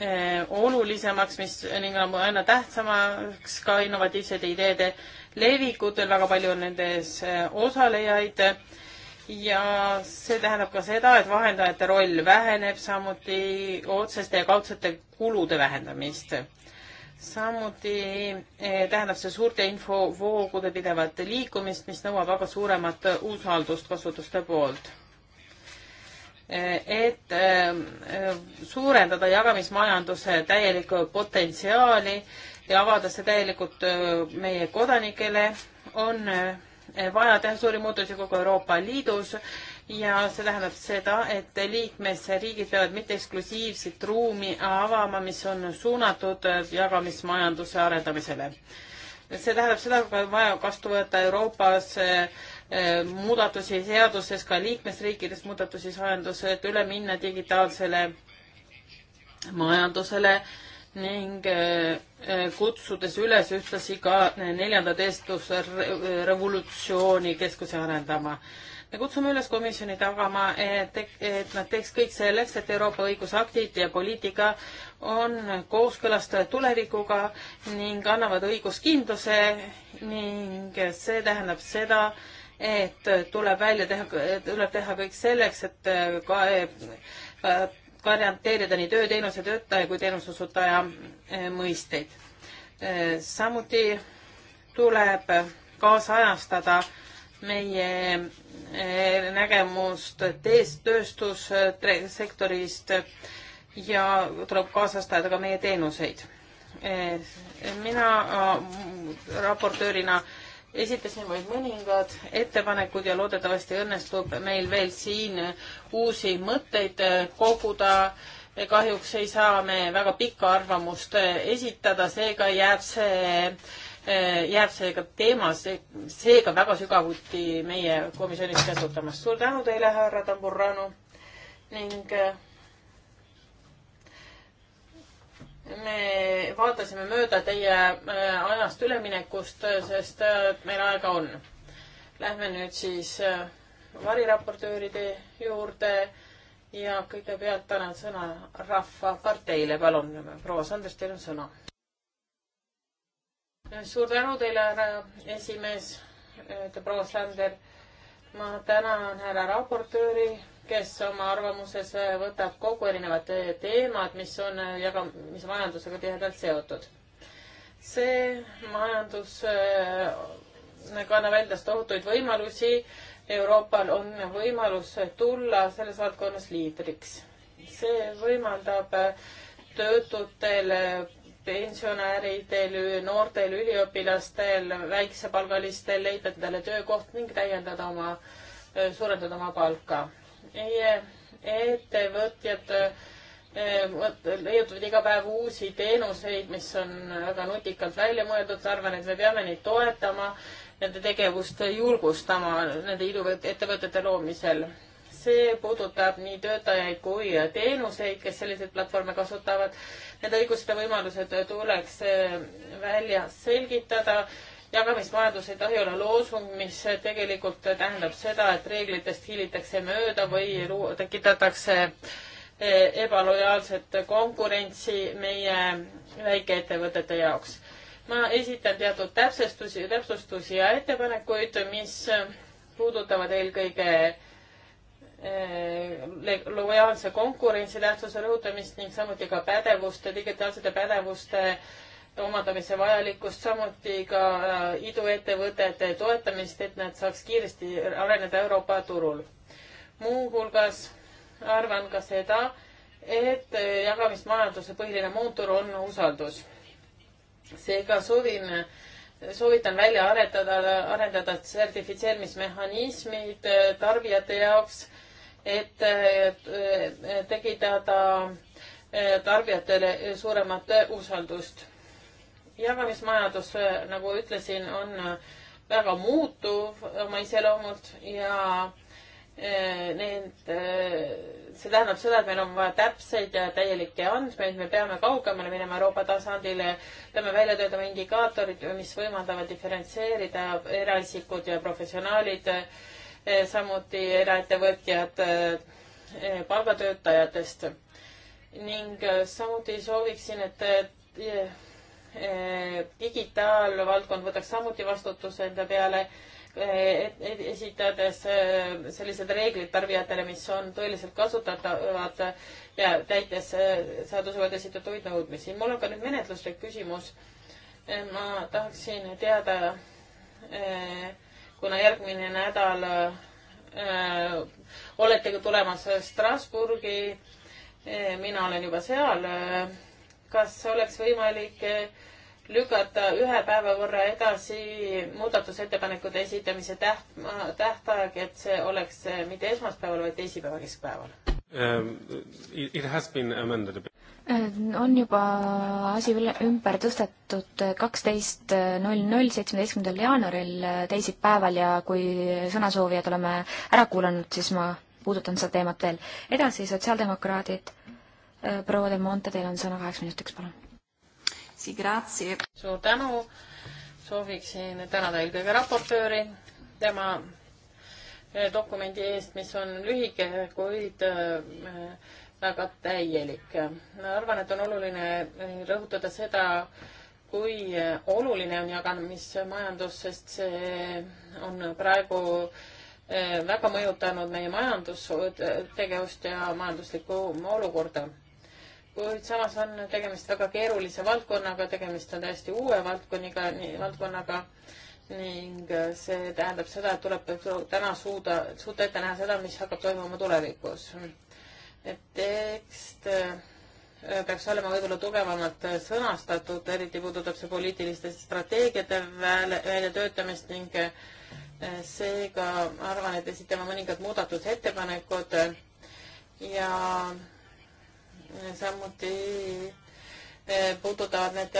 eh, olulisemaks, mis ning on aina tähtsamaks ka innovatiivsete ideede levikud, väga palju on nendes eh, osalejaid ja see tähendab ka seda, et vahendajate roll väheneb, samuti otseste ja kaudsete kulude vähendamist samuti eh, tähendab see suurte infovoogude pidevat liikumist, mis nõuab aga suuremat eh, usaldust kasutuste poolt. Eh, et suurendada jagamismajanduse täielikku potentsiaali ja avada see täielikult meie kodanikele, on vaja teha suuri muutusi kogu Euroopa Liidus ja see tähendab seda, et liikmesriigid peavad mitte eksklusiivset ruumi avama, mis on suunatud jagamismajanduse arendamisele. see tähendab seda, et on vaja vastu võtta Euroopas eh, muudatusi seaduses, ka liikmesriikides muudatusi sajanduses, et üle minna digitaalsele majandusele ning eh, kutsudes üles ühtlasi ka neljanda tööstusrevolutsiooni keskuse arendama me kutsume üles komisjoni tagama, et, et nad teeks kõik selleks, et Euroopa õigusaktid ja poliitika on kooskõlas tulevikuga ning annavad õiguskindluse ning see tähendab seda, et tuleb välja teha, tuleb teha kõik selleks, et ka, ka garanteerida nii tööteenuse töötaja kui teenuseosutaja eh, mõisteid. Eh, samuti tuleb kaasajastada äh, meie eh, nägemust tees, tööstussektorist ja tuleb kaasastada ka meie teenuseid. Eh, mina eh, raportöörina esitasin vaid mõningad ettepanekud ja loodetavasti õnnestub meil veel siin uusi mõtteid koguda. kahjuks ei saa me väga pikka arvamust esitada, seega jääb see Eh, jääb seega teema seega väga sügavuti meie komisjonis käsutamast. suur tänu teile, härra Tamburano ning eh, me vaatasime mööda teie eh, ajast üleminekust, sest meil aega on. Lähme nüüd siis variraportööride juurde ja kõigepealt annan sõna Rahvaparteile, palun, proua Sanders, teil on sõna suur tänu teile, härra esimees, ütleb proua Sander. ma tänan härra raportööri, kes oma arvamuses võtab kogu erinevad teemad, mis on jaga-, mis majandusega tihedalt seotud. see majandus äh, kannab endas tohutuid võimalusi. Euroopal on võimalus tulla selles valdkonnas liidriks. see võimaldab äh, töötutel pensionäridel, noortel üliõpilastel, väiksepalgalistel leida endale töökoht ning täiendada oma, suurendada oma palka. meie ettevõtjad eh, leiutavad iga päev uusi teenuseid, mis on väga nutikalt välja mõeldud, arvan, et me peame neid toetama, nende tegevust julgustama nende iduettevõtete loomisel see puudutab nii töötajaid kui teenuseid, kes selliseid platvorme kasutavad. Need õigused ja võimalused tuleks eh, välja selgitada. jagamismajandus ei tohi olla loosung, mis tegelikult tähendab seda, et reeglitest hiilitakse mööda või tekitatakse eh, ebalojaalset konkurentsi meie väikeettevõtete jaoks. ma esitan teatud täpsustusi, täpsustusi ja ettepanekuid, mis puudutavad eelkõige Eh, lojaalse konkurentsi tähtsuse rõhutamist ning samuti ka pädevuste, digitaalsete pädevuste omandamise vajalikkust, samuti ka äh, iduettevõtete toetamist, et nad saaks kiiresti areneda Euroopa turul. muuhulgas arvan ka seda, et jagamismajanduse põhiline mootor on usaldus. seega soovin, soovitan välja aretada, arendada sertifitseerimismehhanismid äh, tarbijate jaoks et tekitada tarbijatele suuremat usaldust. jagamismajandus, nagu ütlesin, on väga muutuv oma iseloomult ja e, need, e, see tähendab seda, et meil on vaja täpseid ja täielikke andmeid, me peame kaugemale minema Euroopa tasandile, peame välja töötama indikaatorid, mis võimaldavad diferentseerida eraisikud ja professionaalid äh, Eh, samuti eraettevõtjad eh, eh, palgatöötajatest. ning samuti sooviksin, et digitaalvaldkond võtaks samuti vastutuse enda peale, esitades sellised reeglid tarbijatele, mis on tõeliselt kasutatavad ja täites seaduse poolt esitatuid nõudmisi. mul on ka nüüd menetluslik küsimus. ma tahaksin teada äh, kuna järgmine nädal äh, olete ka tulemas Strasburgi äh,, mina olen juba seal äh,. kas oleks võimalik äh, lükata ühe päeva võrra edasi muudatusettepanekute esitamise täht-, tähtaeg, et see oleks äh, mitte esmaspäeval, vaid teisipäeva keskpäeval um,? It has been amended a bit Äh, on juba asi üle, ümber tõstetud äh, kaksteist null null, seitsmeteistkümnendal jaanuaril äh, teisipäeval ja kui sõnasoovijad oleme ära kuulanud, siis ma puudutan seda teemat veel. edasi, sotsiaaldemokraadid, proua De Monte, teil on sõna kaheks minutiks, palun. suur tänu, sooviksin tänada eelkõige raportööri, tema dokumendi eest, mis on lühike, kuid äh, väga täielik. ma arvan, et on oluline rõhutada seda, kui oluline on jagamismajandus, sest see on praegu eh, väga mõjutanud meie majandustegevust ja majanduslikku olukorda. kuid samas on tegemist väga keerulise valdkonnaga, tegemist on täiesti uue valdkonniga, valdkonnaga ning see tähendab seda, et tuleb täna suuda, suuta ette näha seda, mis hakkab toimuma tulevikus tekst äh, peaks olema võib-olla tugevamalt äh, sõnastatud, eriti puudutab see poliitiliste strateegiate väljatöötamist ning äh, seega arvan, et esitame mõningad muudatusettepanekud ja samuti puudutavad need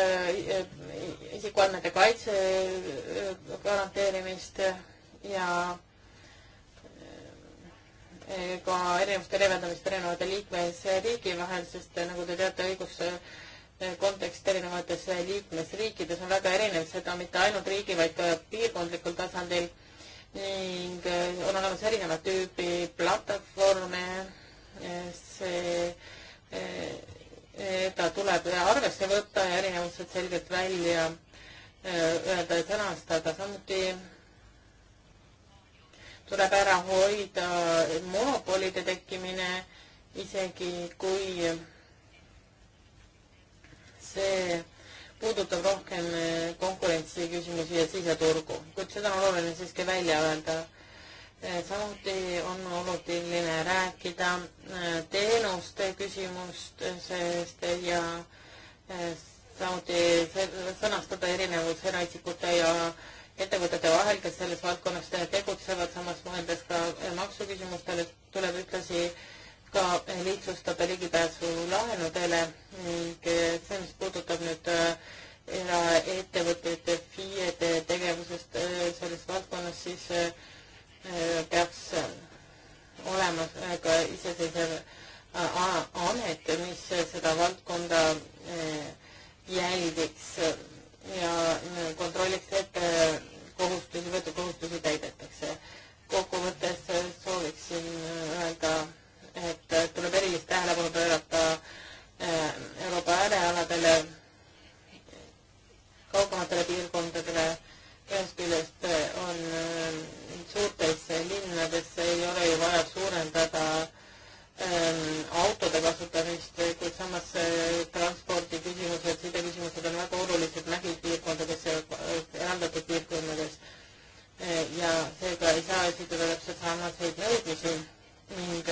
isikuandmete kaitse garanteerimist ja ka erinevuste leevendamist erinevate liikmesriigi vahel, sest nagu te teate, õiguskontekst eh, erinevates eh, liikmesriikides on väga erinev, seda mitte ainult riigi, vaid ka piirkondlikul tasandil ning eh, on olemas erinevat tüüpi platvorme, see, ta tuleb arvesse võtta ja erinevused selgelt välja öelda ja sõnastada, samuti tuleb ära hoida monopolide tekkimine, isegi kui see puudutab rohkem konkurentsi küsimusi ja siseturgu, kuid seda on oluline siiski välja öelda. samuti on oluline rääkida äh, teenuste küsimust, äh, sest äh, ja samuti sõnastada erinevus eraisikute ja äh, ettevõtete vahel, kes selles valdkonnas tegutsevad, samas mõeldes ka eh, maksuküsimustele, tuleb ühtlasi ka eh, lihtsustada ligipääsu laenudele ning eh, see, mis puudutab nüüd eraettevõtete FIE-de tegevusest selles valdkonnas, siis peaks olema ka iseseisev amet, mis seda valdkonda jälgiks ja kontrolliks, et kohustusi, võetud kohustusi täidetakse. kokkuvõttes sooviksin öelda, et tuleb erilist tähelepanu pöörata eh, Euroopa äärealadele, kaugematele piirkondadele, ühest küljest eh, on eh, suurtes linnades ei ole ju vaja suurendada äh, autode kasutamist, kuid samas transpordi küsimused, sideküsimused on väga olulised mägipiirkondades ja äh, eraldatud piirkondades. ja seega ei saa esitada täpselt sarnaseid nõudmisi ning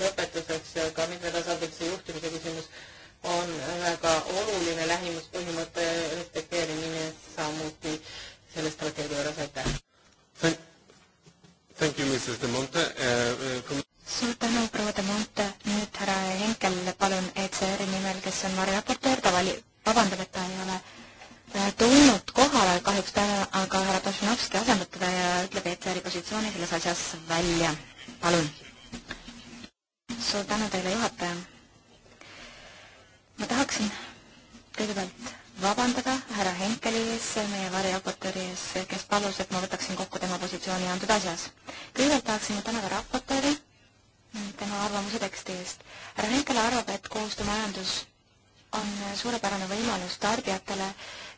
lõpetuseks äh, ka mitmetasandilise juhtimise küsimus on väga oluline lähimuspõhimõtte respekteerimine samuti selle strateegia juures, aitäh. Thank you, Mrs. De Monte uh,. Eh, From suur tänu, proua Demante, nüüd härra Henkel, palun, ECR-i nimel, kes on variraportöör, ta vali-, vabandab, et ta ei ole äh, tulnud kohale kahjuks täna, aga härra Tošinovski asendab teda ja ütleb ECR-i positsiooni selles asjas välja. palun. suur tänu teile, juhataja. ma tahaksin kõigepealt vabandada härra Henkeli ees, meie variraportööri ees, kes palus, et ma võtaksin kokku tema positsiooni antud asjas. kõigepealt tahaksin ma tänada raportööri tema arvamuse teksti eest. härra Henkele arvab, et koostöömajandus on suurepärane võimalus tarbijatele,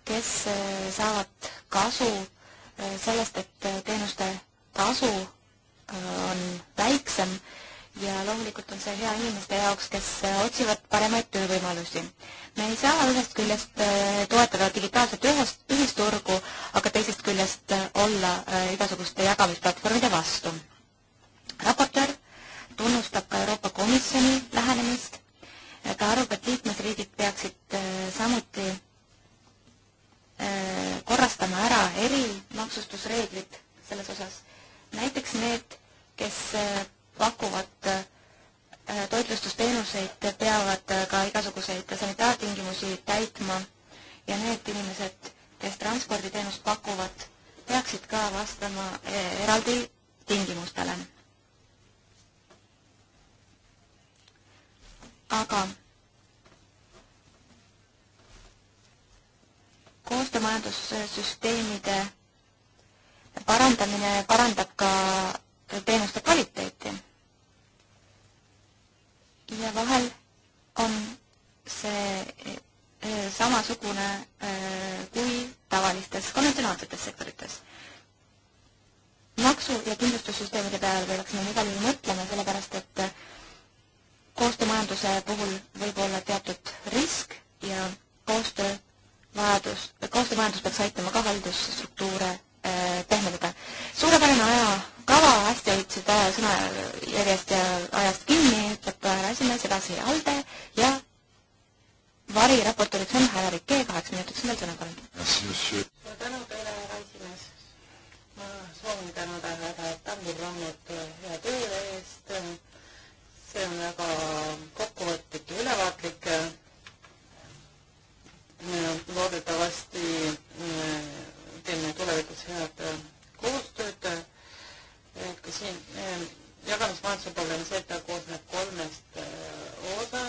kes eh, saavad kasu eh, sellest, et eh, teenuste tasu on väiksem ja loomulikult on see hea inimeste jaoks, kes otsivad paremaid töövõimalusi. me ei saa ühest küljest toetada digitaalset ühest, ühisturgu, aga teisest küljest olla igasuguste jagamisplatvormide vastu. raportöör tunnustab ka Euroopa Komisjoni lähenemist. ta arvab, et liikmesriigid peaksid äh, samuti äh, korrastama ära erimaksustusreeglid selles osas. näiteks need, kes äh, pakuvad toitlustusteenuseid, peavad ka igasuguseid sanitaartingimusi täitma ja need inimesed, kes transporditeenust pakuvad, peaksid ka vastama eraldi tingimustele aga koostöömajandussüsteemide parandamine parandab ka teenuste kvaliteeti. ja vahel on see eh, samasugune eh, kui tavalistes konventsionaalsetes sektorites. maksu- ja kindlustussüsteemide peale peaksime igal juhul mõtlema, sellepärast et koostöömajanduse puhul võib olla teatud risk ja koostöö vajadus, koostöömajandus peaks aitama ka haldusstruktuure äh, pehmendada. suurepärane ajakava, hästi hoidsid aja sõna järjest ja ajast kinni, ütleb härra esimees, edasi Alde ja variraportööriks on härra Rikke, kaheksa minutit on veel sõna, palun. suur tänu teile, härra esimees. ma soovin teile see on väga kokkuvõtlik ja ülevaatlik. loodetavasti äh, teeme tulevikus head äh, koostööd. Äh, ka siin jagamismajanduse probleem on see, et ta koosneb kolmest osa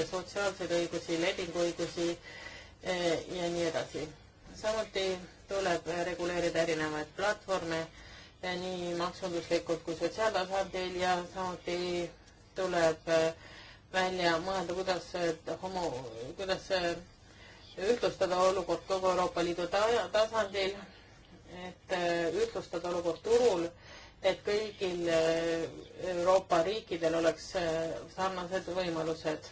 õiguste, sotsiaalseid õigusi, lepinguõigusi eh, ja nii edasi. samuti tuleb reguleerida erinevaid platvorme eh, nii maksunduslikult kui sotsiaaltasandil ja samuti tuleb eh, välja mõelda, kuidas homo, kuidas ühtlustada olukord kogu Euroopa Liidu tasandil, et ühtlustada olukord turul, et kõigil Euroopa riikidel oleks sarnased võimalused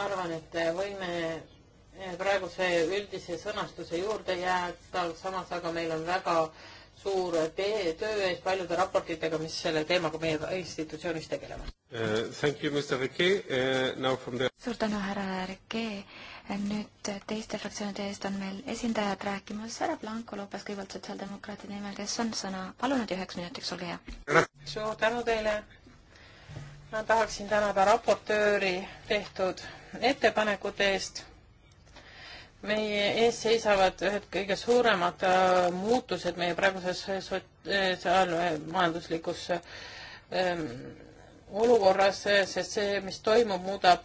arvan, et võime eh, praeguse üldise sõnastuse juurde jääda, samas aga meil on väga suur töö ees paljude raportitega, mis selle teemaga meie institutsioonis tegelevad uh,. Thank you, Mr Rike uh,, eh, now from the suur tänu, härra Rike. nüüd teiste fraktsioonide eest on meil esindajad rääkimas, härra Blanco Lopes kõigepealt sotsiaaldemokraatide nimel, kes on sõna palunud ja üheks minutiks, olge hea. suur tänu teile ma tahaksin tänada raportööri tehtud ettepanekute eest. meie ees seisavad ühed kõige suuremad äh, muutused meie praeguses sotsiaalmajanduslikus äh, äh, ähm, olukorras, sest see, mis toimub, muudab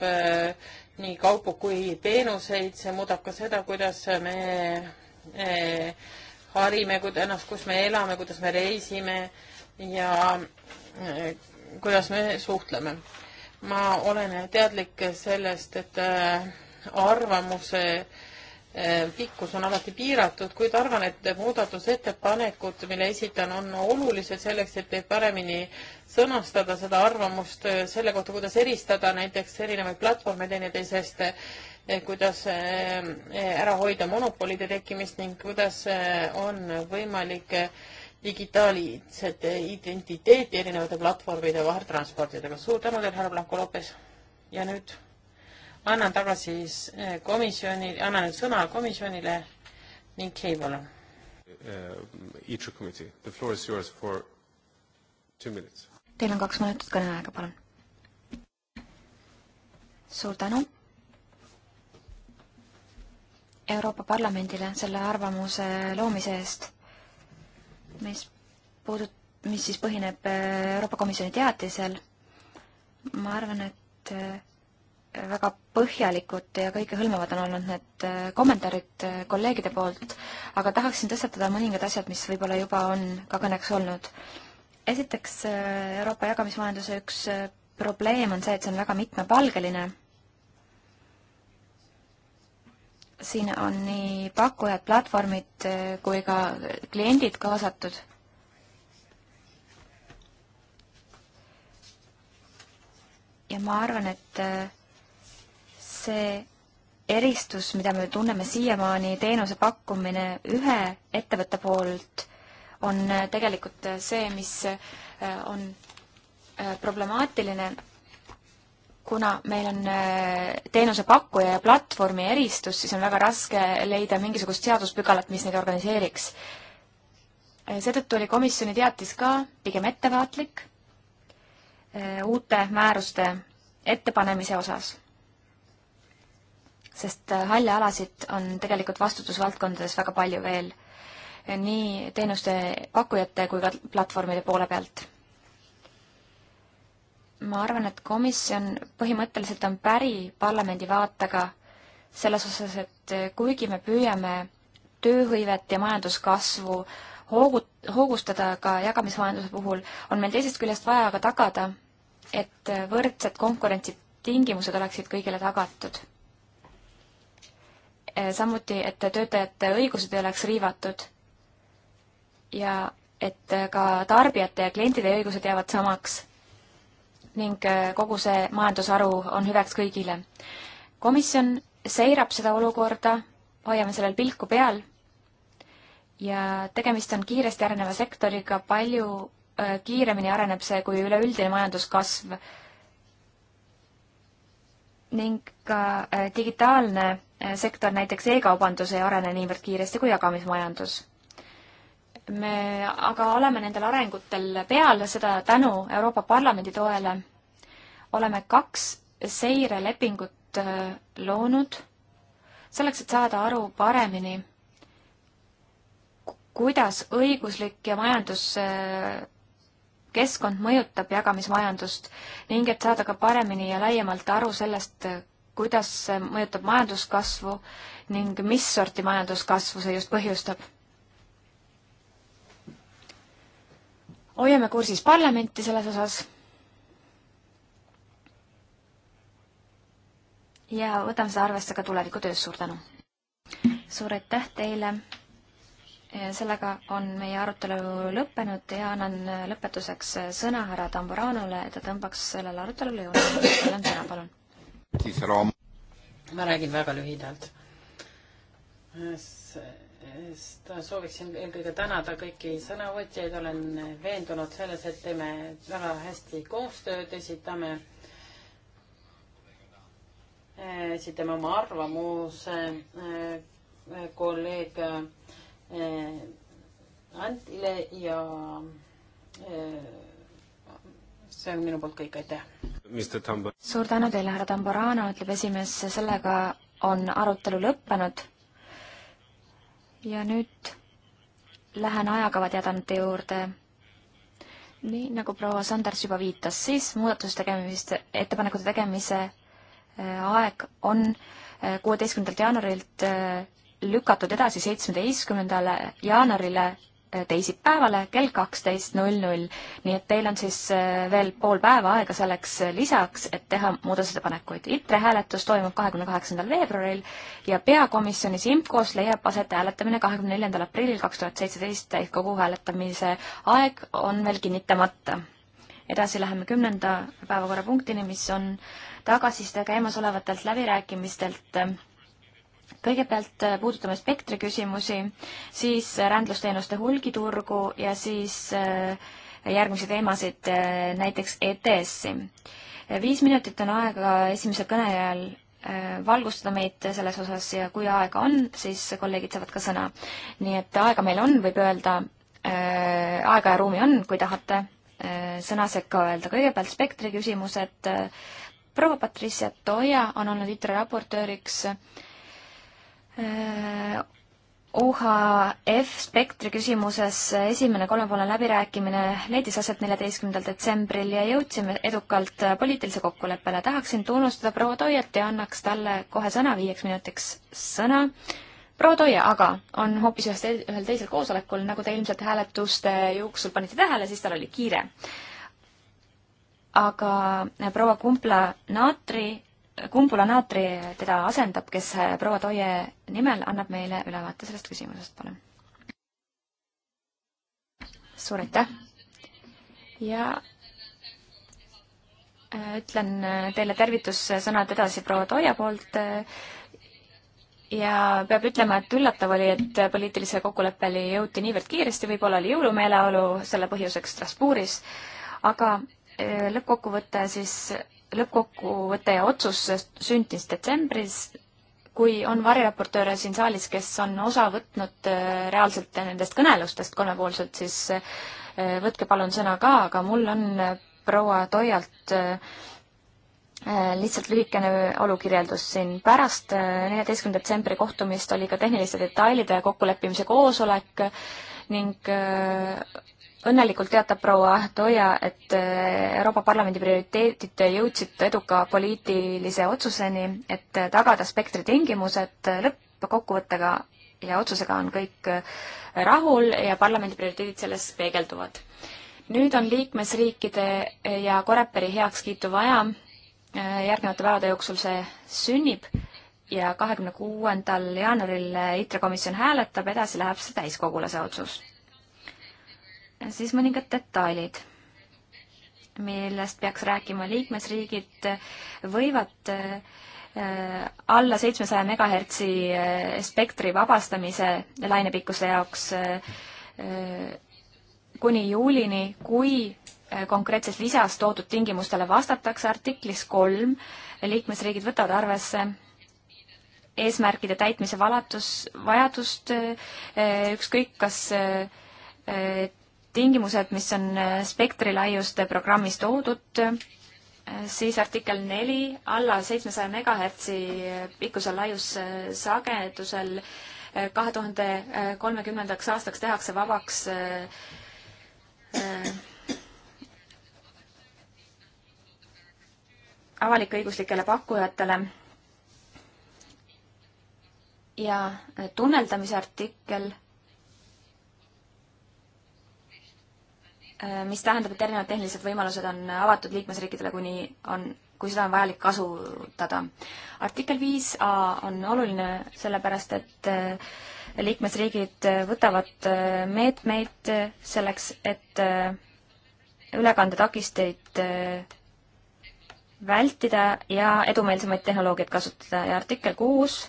nii kaupu kui teenuseid, see muudab ka seda, kuidas me harime ennast, noh, kus me elame, kuidas me reisime ja kuidas me suhtleme. ma olen teadlik sellest, et äh, arvamuse äh, pikkus on alati piiratud, kuid arvan, et muudatusettepanekud, mille esitan, on olulised selleks, et paremini sõnastada seda arvamust äh, selle kohta, kuidas eristada näiteks erinevaid platvorme teineteisest, kuidas ära hoida monopolide tekkimist ning kuidas on võimalik digitaalsete identiteeti erinevate platvormide vahel transportidega. suur tänu teile, härra Blanco Lopes. ja nüüd annan tagasi eh, komisjoni, annan nüüd sõna komisjonile ning Heivole. Eh, eh, ITRO committee, the floor is yours for two minutes. Teil on kaks minutit kõneaega, palun. suur tänu Euroopa Parlamendile selle arvamuse loomise eest mis puudut-, mis siis põhineb äh, Euroopa Komisjoni teatisel, ma arvan, et äh, väga põhjalikud ja kõikehõlmavad on olnud need äh, kommentaarid kolleegide poolt, aga tahaksin tõstatada mõningad asjad, mis võib-olla juba on ka kõneks olnud. esiteks, Euroopa jagamismajanduse üks probleem on see, et see on väga mitmepalgeline siin on nii pakkujad, platvormid eh, kui ka kliendid kaasatud. ja ma arvan, et eh, see eristus, mida me tunneme siiamaani, teenuse pakkumine ühe ettevõtte poolt, on eh, tegelikult see, mis on problemaatiline kuna meil on äh, teenusepakkuja ja platvormi eristus, siis on väga raske leida mingisugust seaduspügalat, mis neid organiseeriks. Äh, seetõttu oli komisjoni teatis ka pigem ettevaatlik äh, uute määruste ettepanemise osas. sest halle alasid on tegelikult vastutusvaldkondades väga palju veel, nii teenuste pakkujate kui ka platvormide poole pealt ma arvan, et komisjon põhimõtteliselt on päri parlamendi vaatega selles osas, et kuigi me püüame tööhõivet ja majanduskasvu hoogu, hoogustada ka jagamismajanduse puhul, on meil teisest küljest vaja ka tagada, et võrdsed konkurentsitingimused oleksid kõigile tagatud. Eh, samuti, et töötajate õigused ei oleks riivatud ja et ka tarbijate ja klientide õigused jäävad samaks ning äh, kogu see majandusharu on hüveks kõigile. komisjon seirab seda olukorda, hoiame sellel pilku peal ja tegemist on kiiresti areneva sektoriga, palju äh, kiiremini areneb see kui üleüldine majanduskasv ning ka äh, digitaalne sektor, näiteks e-kaubandus ei arene niivõrd kiiresti kui jagamismajandus me aga oleme nendel arengutel peal, seda tänu Euroopa Parlamendi toele. oleme kaks seirelepingut äh, loonud selleks, et saada aru paremini, kuidas õiguslik ja majanduskeskkond äh, mõjutab jagamismajandust ning et saada ka paremini ja laiemalt aru sellest, kuidas see mõjutab majanduskasvu ning mis sorti majanduskasvu see just põhjustab hoiame kursis parlamenti selles osas. ja võtame seda arvesse ka tulevikutöös, suur tänu! suur aitäh teile! sellega on meie arutelu lõppenud ja annan lõpetuseks sõna härra Tamburanole, et ta tõmbaks sellele arutelule joone. teil on sõna, palun. ma räägin väga lühidalt sooviksin eelkõige tänada kõiki sõnavõtjaid, olen veendunud selles, et teeme väga hästi koostööd, esitame, esitame oma arvamuse äh, kolleeg äh, Antile ja äh, see on minu poolt kõik, aitäh. suur tänu teile, härra Tamburano, ütleb esimees, sellega on arutelu lõppenud ja nüüd lähen ajakavateadante juurde. nii nagu proua Sanders juba viitas, siis muudatuse tegemist, ettepanekute tegemise äh, aeg on äh, kuueteistkümnendalt jaanuarilt äh, lükatud edasi seitsmeteistkümnendale jaanuarile teisipäevale kell kaksteist null null. nii et teil on siis äh, veel pool päeva aega selleks äh, lisaks, et teha muudatusettepanekuid. ITRE hääletus toimub kahekümne kaheksandal veebruaril ja peakomisjonis IMCO-s leiab aset hääletamine kahekümne neljandal aprillil kaks tuhat seitseteist, ehk kogu hääletamise aeg on veel kinnitamata. edasi läheme kümnenda päevakorrapunktini, mis on tagasiside käimasolevatelt läbirääkimistelt kõigepealt äh, puudutame spektri küsimusi, siis äh, rändlusteenuste hulgiturgu ja siis äh, järgmisi teemasid, näiteks ETS-i. viis minutit on aega esimesel kõnejal valgustada meid selles osas ja kui aega on, siis kolleegid saavad ka sõna. nii et aega meil on, võib öelda, aega ja ruumi on, kui tahate sõna sekka öelda. kõigepealt spektri küsimused. proua Patricia Toia on olnud ITRE raportööriks äh, OHF spektri küsimuses esimene kolmepoolne läbirääkimine leidis aset neljateistkümnendal detsembril ja jõudsime edukalt poliitilise kokkuleppele. tahaksin tunnustada proua Toiet ja annaks talle kohe sõna, viieks minutiks sõna. proua Toie aga on hoopis ühes, ühel teisel koosolekul, nagu te ilmselt hääletuste jooksul panite tähele, siis tal oli kiire. aga proua Kumpla-Naatri Kumbula Naatri teda asendab, kes äh, proua Toie nimel annab meile ülevaate sellest küsimusest, palun. suur aitäh ja äh, ütlen äh, teile tervitussõnad edasi proua Toia poolt ja peab ütlema, et üllatav oli, et poliitilise kokkuleppeni jõuti niivõrd kiiresti, võib-olla oli jõulumeeleolu selle põhjuseks Strasbourgis, aga lõppkokkuvõte siis lõppkokkuvõte ja otsus sündis detsembris, kui on variraportööre siin saalis, kes on osa võtnud äh, reaalselt nendest kõnelustest kolmepoolselt, siis äh, võtke palun sõna ka, aga mul on äh, proua Toialt lihtsalt lühikene olukirjeldus siin. pärast neljateistkümnenda detsembri kohtumist oli ka tehniliste detailide kokkuleppimise koosolek ning õnnelikult teatab proua Toia, et äh, Euroopa Parlamendi prioriteedid jõudsid eduka poliitilise otsuseni, et äh, tagada spektri tingimused äh, lõppkokkuvõttega ja otsusega on kõik rahul ja parlamendi prioriteedid selles peegelduvad. nüüd on liikmesriikide ja Coreperi heakskiitu vaja, järgnevate päevade jooksul see sünnib ja kahekümne kuuendal jaanuaril ITRE komisjon hääletab, edasi läheb see täiskogule, see otsus siis mõningad detailid, millest peaks rääkima. liikmesriigid võivad äh, alla seitsmesaja megahertsi äh, spektri vabastamise lainepikkuse jaoks äh, kuni juulini, kui konkreetses lisas toodud tingimustele vastatakse artiklis kolm, liikmesriigid võtavad arvesse eesmärkide täitmise valatus, vajadust, ükskõik kas tingimused, mis on äh, spektrilaiuste programmis toodud, äh, siis artikkel neli, alla seitsmesaja megahertsi äh, pikkusel laiussagedusel kahe tuhande kolmekümnendaks aastaks tehakse vabaks avalik-õiguslikele pakkujatele. ja tunneldamise artikkel Äh, mis tähendab, et erinevad tehnilised võimalused on avatud liikmesriikidele, kuni on, kui seda on vajalik kasutada. artikkel viis A on oluline sellepärast, et äh, liikmesriigid äh, võtavad meetmeid selleks, et ülekandetakisteid vältida ja edumeelsemaid tehnoloogiaid kasutada ja artikkel kuus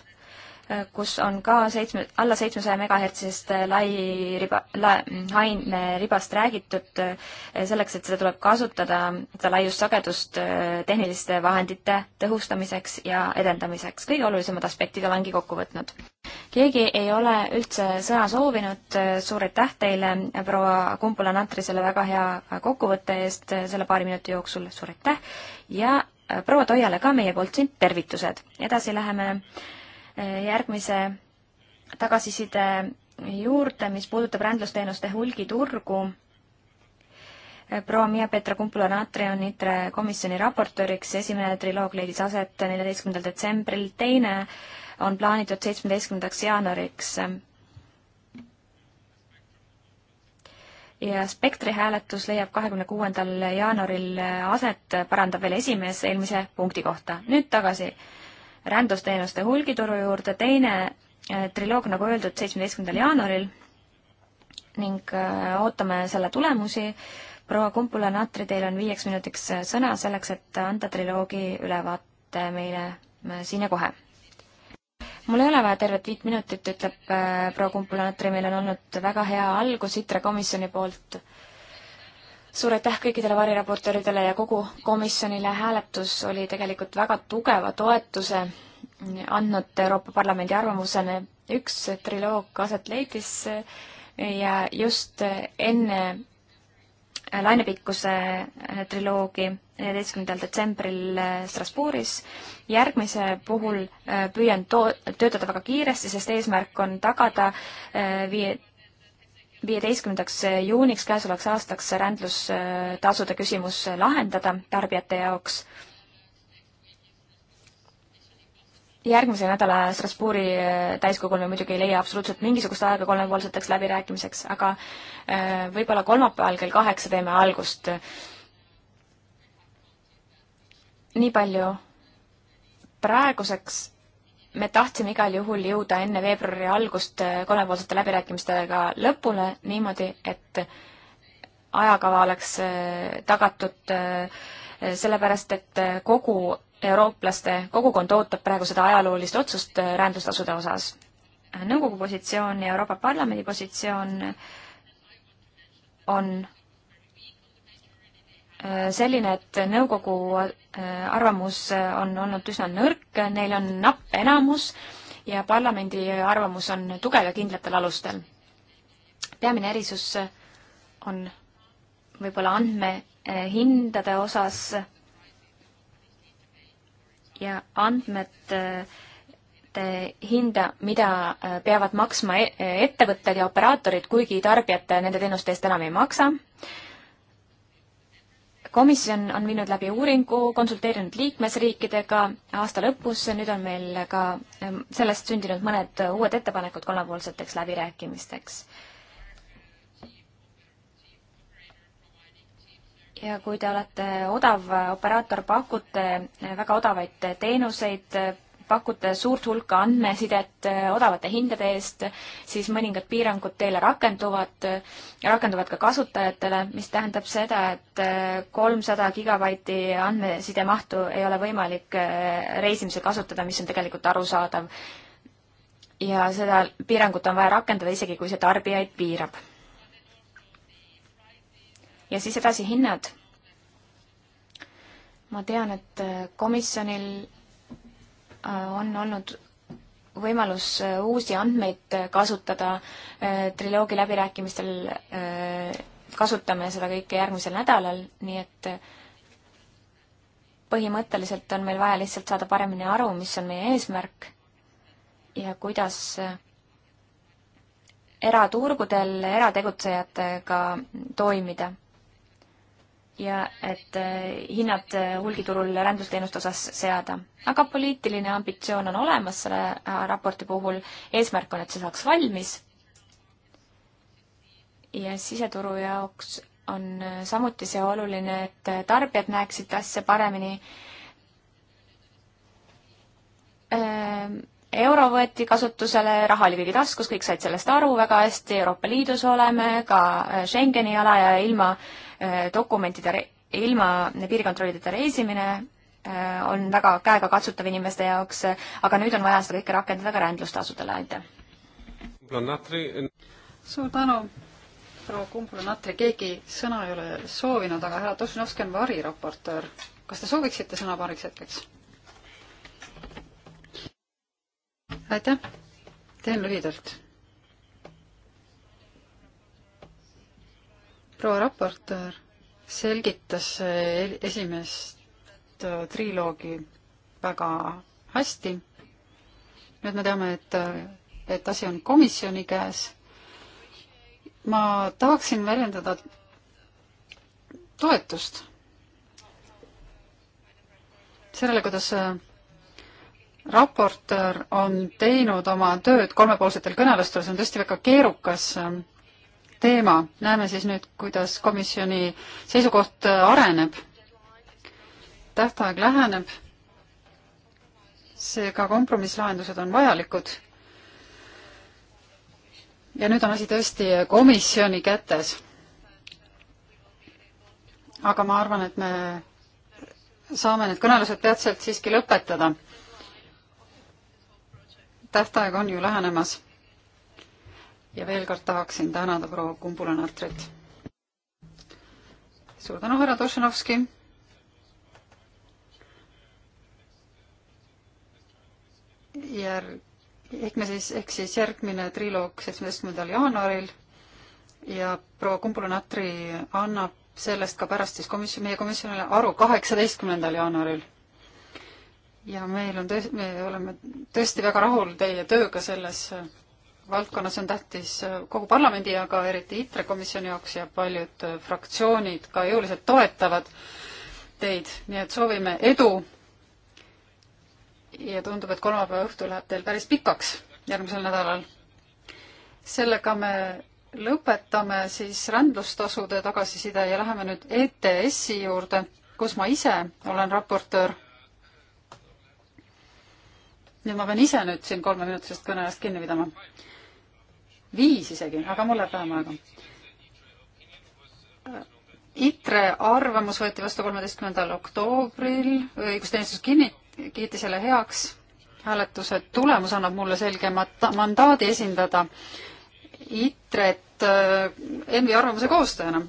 kus on ka seitsme, alla seitsmesaja megahertsist äh, lai riba, mm, haineribast räägitud, äh, selleks, et seda tuleb kasutada, seda laiussagedust äh, tehniliste vahendite tõhustamiseks ja edendamiseks. kõige olulisemad aspektid olengi kokku võtnud. keegi ei ole üldse sõna soovinud, suur aitäh teile, proua Kumpula-Natri, selle väga hea kokkuvõtte eest selle paari minuti jooksul, suur aitäh, ja proua Toiale ka meie poolt siin tervitused. edasi läheme järgmise tagasiside juurde, mis puudutab rändlusteenuste hulgiturgu. proua Miia Petra Kumpula-Natri on ITRE komisjoni raportööriks, esimene triloog leidis aset neljateistkümnendal detsembril, teine on plaanitud seitsmeteistkümnendaks jaanuariks. ja spektri hääletus leiab kahekümne kuuendal jaanuaril aset, parandab veel esimees eelmise punkti kohta. nüüd tagasi äh, rändusteenuste hulgituru juurde, teine äh, triloog, nagu öeldud, seitsmeteistkümnendal jaanuaril ning äh, ootame selle tulemusi. proua Kumpula-Natri, teil on viieks minutiks äh, sõna selleks, et anda triloogi ülevaate meile siin ja kohe. mul ei ole vaja tervet viit minutit, ütleb proua Kumpula-Natri, meil on olnud väga hea algus ITRE komisjoni poolt äh, suur aitäh kõikidele variraportööridele ja kogu komisjonile, hääletus oli tegelikult väga tugeva toetuse andnud Euroopa Parlamendi arvamusele, üks triloog aset leidis ja just enne lainepikkuse triloogi neljateistkümnendal detsembril Strasbourgis. järgmise puhul püüan to-, töötada väga kiiresti, sest eesmärk on tagada viie viieteistkümnendaks juuniks käesolevaks aastaks rändlustasude küsimus lahendada tarbijate jaoks. järgmise nädala Strasbourgi äh, täiskogul me muidugi ei leia absoluutselt mingisugust aega kolmepoolseteks läbirääkimiseks, aga äh, võib-olla kolmapäeval kell kaheksa teeme algust. nii palju praeguseks me tahtsime igal juhul jõuda enne veebruari algust äh, kolmepoolsete läbirääkimistega lõpule niimoodi, et ajakava oleks äh, tagatud äh, sellepärast, et kogu eurooplaste kogukond ootab praegu seda ajaloolist otsust rändustasude osas. nõukogu positsioon ja Euroopa Parlamendi positsioon on Äh, selline, et nõukogu äh, arvamus äh, on olnud üsna nõrk, neil on napp enamus ja parlamendi arvamus on tugev ja kindlatel alustel. peamine erisus on võib-olla andmehindade osas ja andmete hinda, mida peavad maksma e-, ettevõtted ja operaatorid, kuigi tarbijad nende teenuste eest enam ei maksa komisjon on viinud läbi uuringu, konsulteerinud liikmesriikidega aasta lõpus, nüüd on meil ka ehm, sellest sündinud mõned uued ettepanekud kolmepoolseteks läbirääkimisteks. ja kui te olete odav operaator, pakute väga odavaid teenuseid pakute suurt hulka andmesidet äh, odavate hindade eest, siis mõningad piirangud teile rakenduvad ja äh, rakenduvad ka kasutajatele, mis tähendab seda, et äh, kolmsada gigabaiti andmesidemahtu ei ole võimalik reisimisel kasutada, mis on tegelikult arusaadav. ja seda piirangut on vaja rakendada, isegi kui see tarbijaid piirab. ja siis edasi hinnad ma tean, et komisjonil Äh, on olnud võimalus äh, uusi andmeid äh, kasutada triloogi läbirääkimistel kasutame seda kõike järgmisel nädalal, nii et põhimõtteliselt on meil vaja lihtsalt saada paremini aru, mis on meie eesmärk ja kuidas eraturgudel erategutsejatega toimida ja et eh, hinnad eh, hulgiturul rändusteenuste osas seada. aga poliitiline ambitsioon on olemas selle äh, raporti puhul, eesmärk on, et see saaks valmis ja siseturu jaoks on äh, samuti see oluline, et äh, tarbijad näeksid asja paremini. Ähm, euro võeti kasutusele, raha oli kõigi taskus, kõik said sellest aru väga hästi, Euroopa Liidus oleme, ka Schengeni ala ja ilma äh, Äh, dokumentide, ilma piirikontrollideta reisimine äh, on väga käegakatsutav inimeste jaoks, äh, aga nüüd on vaja seda kõike rakendada ka rändlustasudele, aitäh! suur tänu, proua Kumbula-Natri, keegi sõna ei ole soovinud, aga härra Tošinovski on variraportöör. kas te sooviksite sõna paariks hetkeks? aitäh, teen lühidalt proua raportöör selgitas e-, esimest äh, triloogi väga hästi. nüüd me teame, et, et asi on komisjoni käes. ma tahaksin väljendada toetust sellele, kuidas äh, raportöör on teinud oma tööd kolmepoolsetel kõnelustel, see on tõesti väga keerukas äh, teema, näeme siis nüüd, kuidas komisjoni seisukoht äh, areneb. tähtaeg läheneb, seega kompromisslahendused on vajalikud. ja nüüd on asi tõesti komisjoni kätes. aga ma arvan, et me saame need kõnelused peatselt siiski lõpetada. tähtaeg on ju lähenemas ja veel kord tahaksin tänada proua Kumbula-Natrit. suur tänu, härra Tošenovski. järg, ehk me siis, ehk siis järgmine triloog seitsmeteistkümnendal jaanuaril ja proua Kumbula-Natri annab sellest ka pärast siis komisjon, meie komisjonile aru kaheksateistkümnendal jaanuaril. ja meil on tõesti, me oleme tõesti väga rahul teie tööga selles valdkonnas on tähtis äh, kogu parlamendi, aga eriti ITRE komisjoni jaoks ja paljud äh, fraktsioonid ka jõuliselt toetavad teid, nii et soovime edu. ja tundub, et kolmapäeva õhtu läheb teil päris pikaks järgmisel nädalal. sellega me lõpetame siis rändlustasude tagasiside ja läheme nüüd ETS-i juurde, kus ma ise olen raportöör. nii et ma pean ise nüüd siin kolmeminutilisest kõneajast kinni pidama viis isegi, aga mul läheb vähem aega. ITRE arvamus võeti vastu kolmeteistkümnendal oktoobril, õigusteenistus kinni-, kiitis selle heaks, hääletuse tulemus annab mulle selge mat-, mandaadi esindada ITRE-t äh, ENVI arvamuse koostajana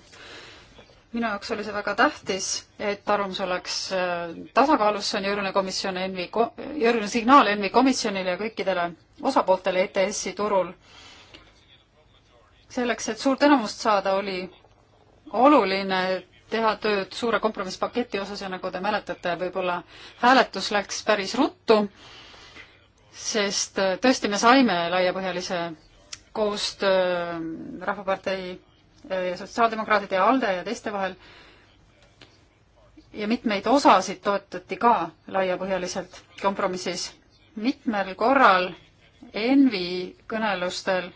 minu jaoks oli see väga tähtis, et arvamus oleks äh, tasakaalus, see on jõuline komisjon ENVI, jõuline signaal ENVI komisjonile ja kõikidele osapooltele ETS-i turul selleks, et suurt enamust saada, oli oluline teha tööd suure kompromisspaketi osas ja nagu te mäletate, võib-olla hääletus läks päris ruttu, sest äh, tõesti me saime laiapõhjalise koostöö äh, Rahvapartei äh, ja Sotsiaaldemokraatide ja ALDE ja teiste vahel ja mitmeid osasid toetati ka laiapõhjaliselt kompromissis. mitmel korral ENVI kõnelustel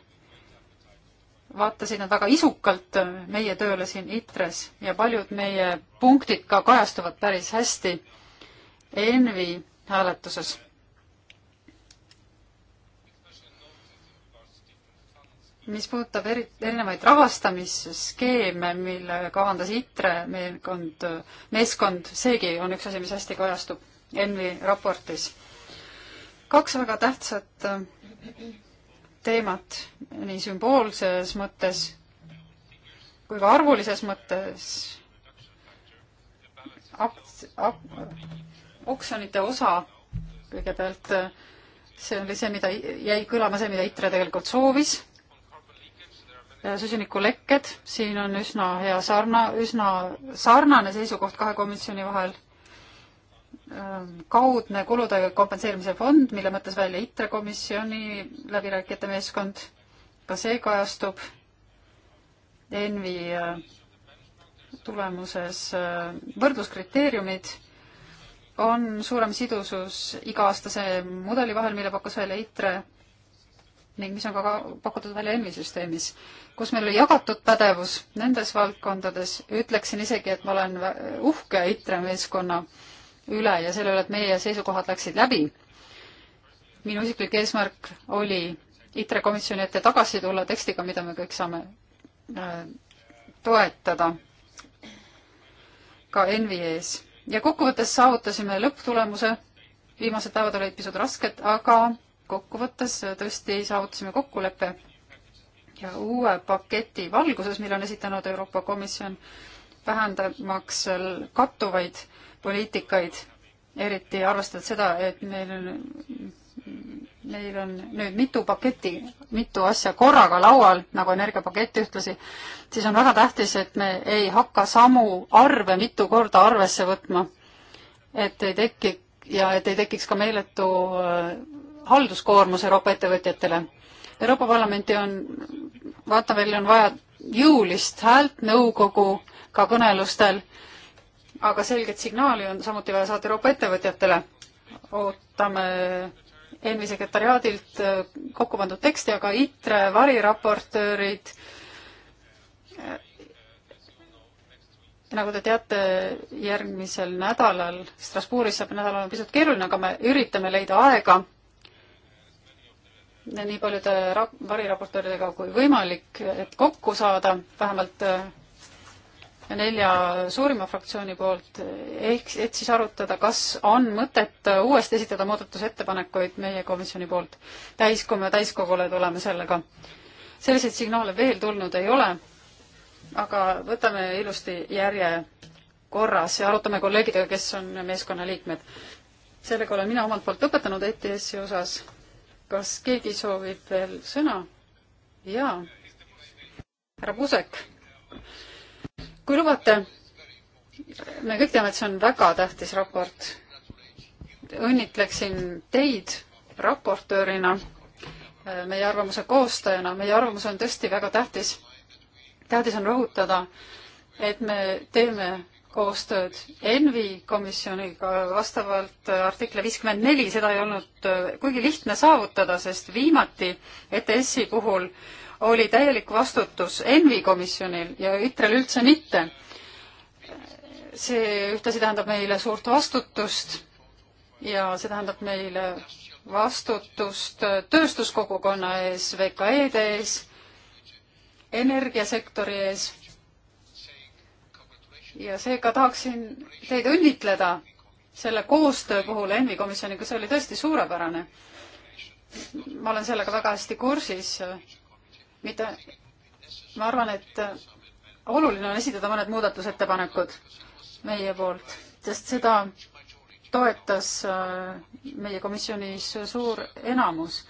vaatasid nad väga isukalt äh, meie tööle siin ITRES ja paljud meie punktid ka kajastuvad päris hästi ENVI hääletuses. mis puudutab eri, erinevaid rahastamisskeeme, mille kavandas ITRE meeskond, meeskond, seegi on üks asi, mis hästi kajastub ENVI raportis. kaks väga tähtsat äh, teemat nii sümboolses mõttes kui ka arvulises mõttes. oksjonite osa kõigepealt, see oli see, mida jäi kõlama, see, mida ITRE tegelikult soovis. süsinikulekked, siin on üsna hea sarna, üsna sarnane seisukoht kahe komisjoni vahel Äh, kaudne kulude kompenseerimise fond, mille mõttes välja ITRE komisjoni läbirääkijate meeskond, ka see kajastub ENVI äh, tulemuses. Äh, võrdluskriteeriumid on suurem sidusus iga-aastase mudeli vahel, mille pakkus välja ITRE ning mis on ka pakutud välja ENVI süsteemis, kus meil oli jagatud pädevus nendes valdkondades, ütleksin isegi, et ma olen uhke ITRE meeskonna üle ja selle üle, et meie seisukohad läksid läbi. minu isiklik eesmärk oli ITRE komisjoni ette tagasi tulla tekstiga, mida me kõik saame äh, toetada ka ENVi ees. ja kokkuvõttes saavutasime lõpptulemuse, viimased päevad olid pisut rasked, aga kokkuvõttes tõesti saavutasime kokkuleppe ja uue paketi valguses, mille on esitanud Euroopa Komisjon, vähendamaks kattuvaid poliitikaid, eriti arvestades seda, et meil on, meil on nüüd mitu paketti, mitu asja korraga laual, nagu energiapakett ühtlasi, siis on väga tähtis, et me ei hakka samu arve mitu korda arvesse võtma, et ei teki ja et ei tekiks ka meeletu äh, halduskoormus Euroopa ettevõtjatele. Euroopa Parlamenti on, vaata, meil on vaja jõulist häält nõukogu ka kõnelustel aga selget signaali on samuti vaja saata Euroopa ettevõtjatele. ootame ENVi sekretariaadilt äh, kokku pandud teksti, aga ITRE variraportöörid, äh, nagu te teate, järgmisel nädalal, Strasbourgis saab nädal olema pisut keeruline, aga me üritame leida aega nii paljude variraportööridega kui võimalik, et kokku saada, vähemalt äh, nelja suurima fraktsiooni poolt, ehk et siis arutada, kas on mõtet uuesti esitada muudatusettepanekuid meie komisjoni poolt. täiskogu ja täiskogule tuleme sellega. selliseid signaale veel tulnud ei ole, aga võtame ilusti järje korras ja arutame kolleegidega, kes on meeskonna liikmed. sellega olen mina omalt poolt lõpetanud ETS-i osas. kas keegi soovib veel sõna? jaa. härra Pusek kui lubate, me kõik teame, et see on väga tähtis raport. õnnitleksin teid raportöörina, äh, meie arvamuse koostajana, meie arvamus on tõesti väga tähtis. tähtis on rõhutada, et me teeme koostööd ENVI komisjoniga vastavalt äh, artikli viiskümmend neli, seda ei olnud äh, kuigi lihtne saavutada, sest viimati ETS-i puhul oli täielik vastutus ENVI komisjonil ja ITRE-l üldse mitte. see ühtlasi tähendab meile suurt vastutust ja see tähendab meile vastutust tööstuskogukonna ees, VKE-de ees, energiasektori ees. ja seega tahaksin teid õnnitleda selle koostöö puhul ENVI komisjoniga, see oli tõesti suurepärane. ma olen sellega väga hästi kursis mitte, ma arvan, et äh, oluline on esitada mõned muudatusettepanekud meie poolt, sest seda toetas äh, meie komisjonis suur enamus.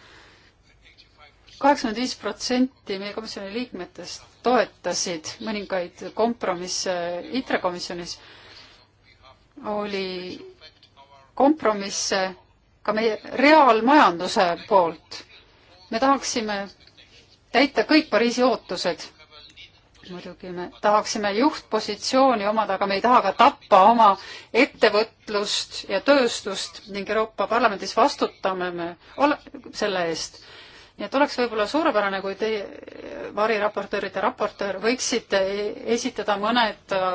kaheksakümmend viis protsenti meie komisjoni liikmetest toetasid mõningaid kompromisse ITRE komisjonis, oli kompromisse ka meie reaalmajanduse poolt. me tahaksime täita kõik Pariisi ootused. muidugi me tahaksime juhtpositsiooni omada, aga me ei taha ka tappa oma ettevõtlust ja tööstust ning Euroopa Parlamendis vastutame me ole, selle eest nii et oleks võib-olla suurepärane, kui teie variraportöörid ja raportöör võiksite e-, esitada mõned äh,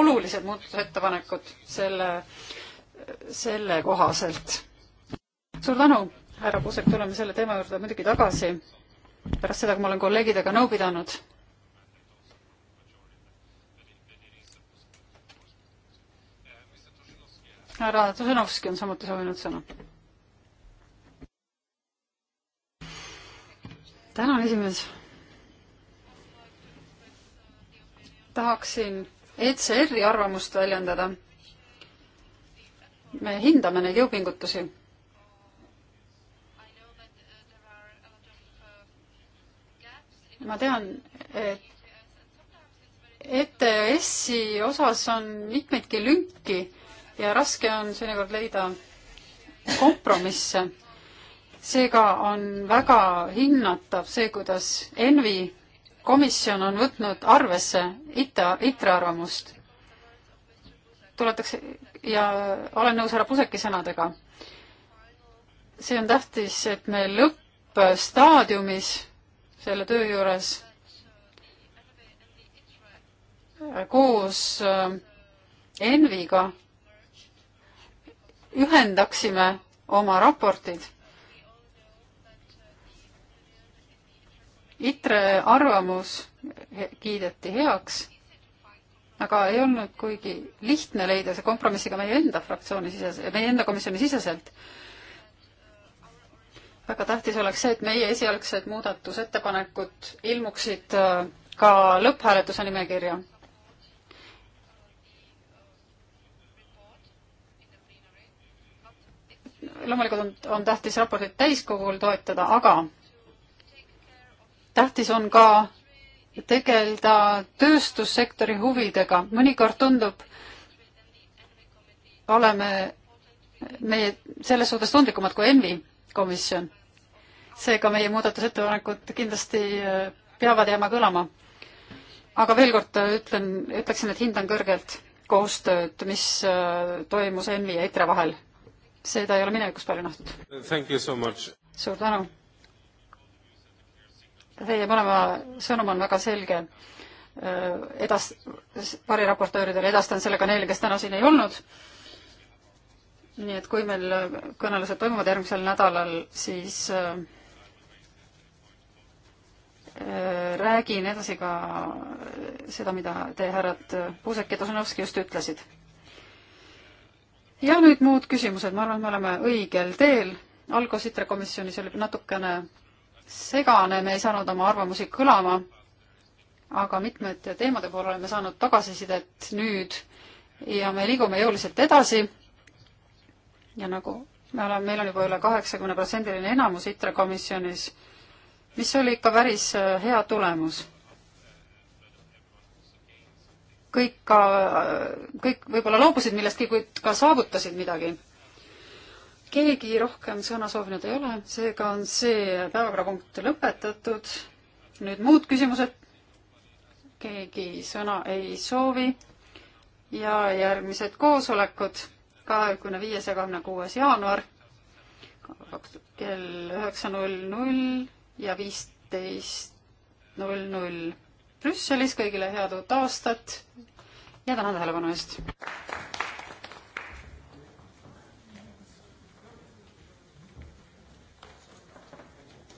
olulised muudatusettepanekud selle, selle kohaselt. suur tänu, härra Kuusek, tuleme selle teema juurde muidugi tagasi pärast seda, kui ma olen kolleegidega nõu pidanud. härra Tusenovski on samuti soovinud sõna. tänan, esimees. tahaksin ECR-i arvamust väljendada. me hindame neid jõupingutusi ma tean, et ETS-i osas on mitmeidki lünki ja raske on seinekord leida kompromisse. seega on väga hinnatav see, kuidas ENVI komisjon on võtnud arvesse ITA, ITRE arvamust. tuletakse ja olen nõus härra Puseki sõnadega. see on tähtis, et me lõppstaadiumis selle töö juures koos äh, Enviga ühendaksime oma raportid. ITRE arvamus kiideti heaks, aga ei olnud kuigi lihtne leida see kompromiss ka meie enda fraktsiooni sises, meie enda komisjoni siseselt väga tähtis oleks see, et meie esialgsed muudatusettepanekud ilmuksid äh, ka lõpphääletuse nimekirja. loomulikult on, on tähtis raportit täiskogul toetada, aga tähtis on ka tegeleda tööstussektori huvidega. mõnikord tundub, oleme meie selles suhtes tundlikumad kui ENVI komisjon. seega meie muudatusettepanekud kindlasti äh, peavad jääma kõlama. aga veel kord äh, ütlen, ütleksin, et hindan kõrgelt koostööd, mis äh, toimus ENMi ja EKRE vahel. seda ei ole minevikus palju nähtud. suur tänu. Teie mõlema sõnum on väga selge. edas-, variraportööridele edastan selle ka neile, kes täna siin ei olnud nii et kui meil kõnelused toimuvad järgmisel nädalal, siis äh, äh, räägin edasi ka seda, mida te, härrad Puusek ja Tosunovski just ütlesid. ja nüüd muud küsimused, ma arvan, et me oleme õigel teel. algus ITRE komisjonis oli natukene segane, me ei saanud oma arvamusi kõlama, aga mitmete teemade puhul oleme saanud tagasisidet nüüd ja me liigume jõuliselt edasi ja nagu me oleme, meil on juba üle kaheksakümne protsendiline enamus ITRE komisjonis, mis oli ikka päris äh, hea tulemus. kõik ka, äh, kõik võib-olla loobusid millestki, kuid ka saavutasid midagi. keegi rohkem sõna soovinud ei ole, seega on see päevakorrapunkt lõpetatud. nüüd muud küsimused? keegi sõna ei soovi ja järgmised koosolekud kahekümne viies ja kahekümne kuues jaanuar kell üheksa null null ja viisteist null null Brüsselis. kõigile head uut aastat ja tänan tähelepanu eest!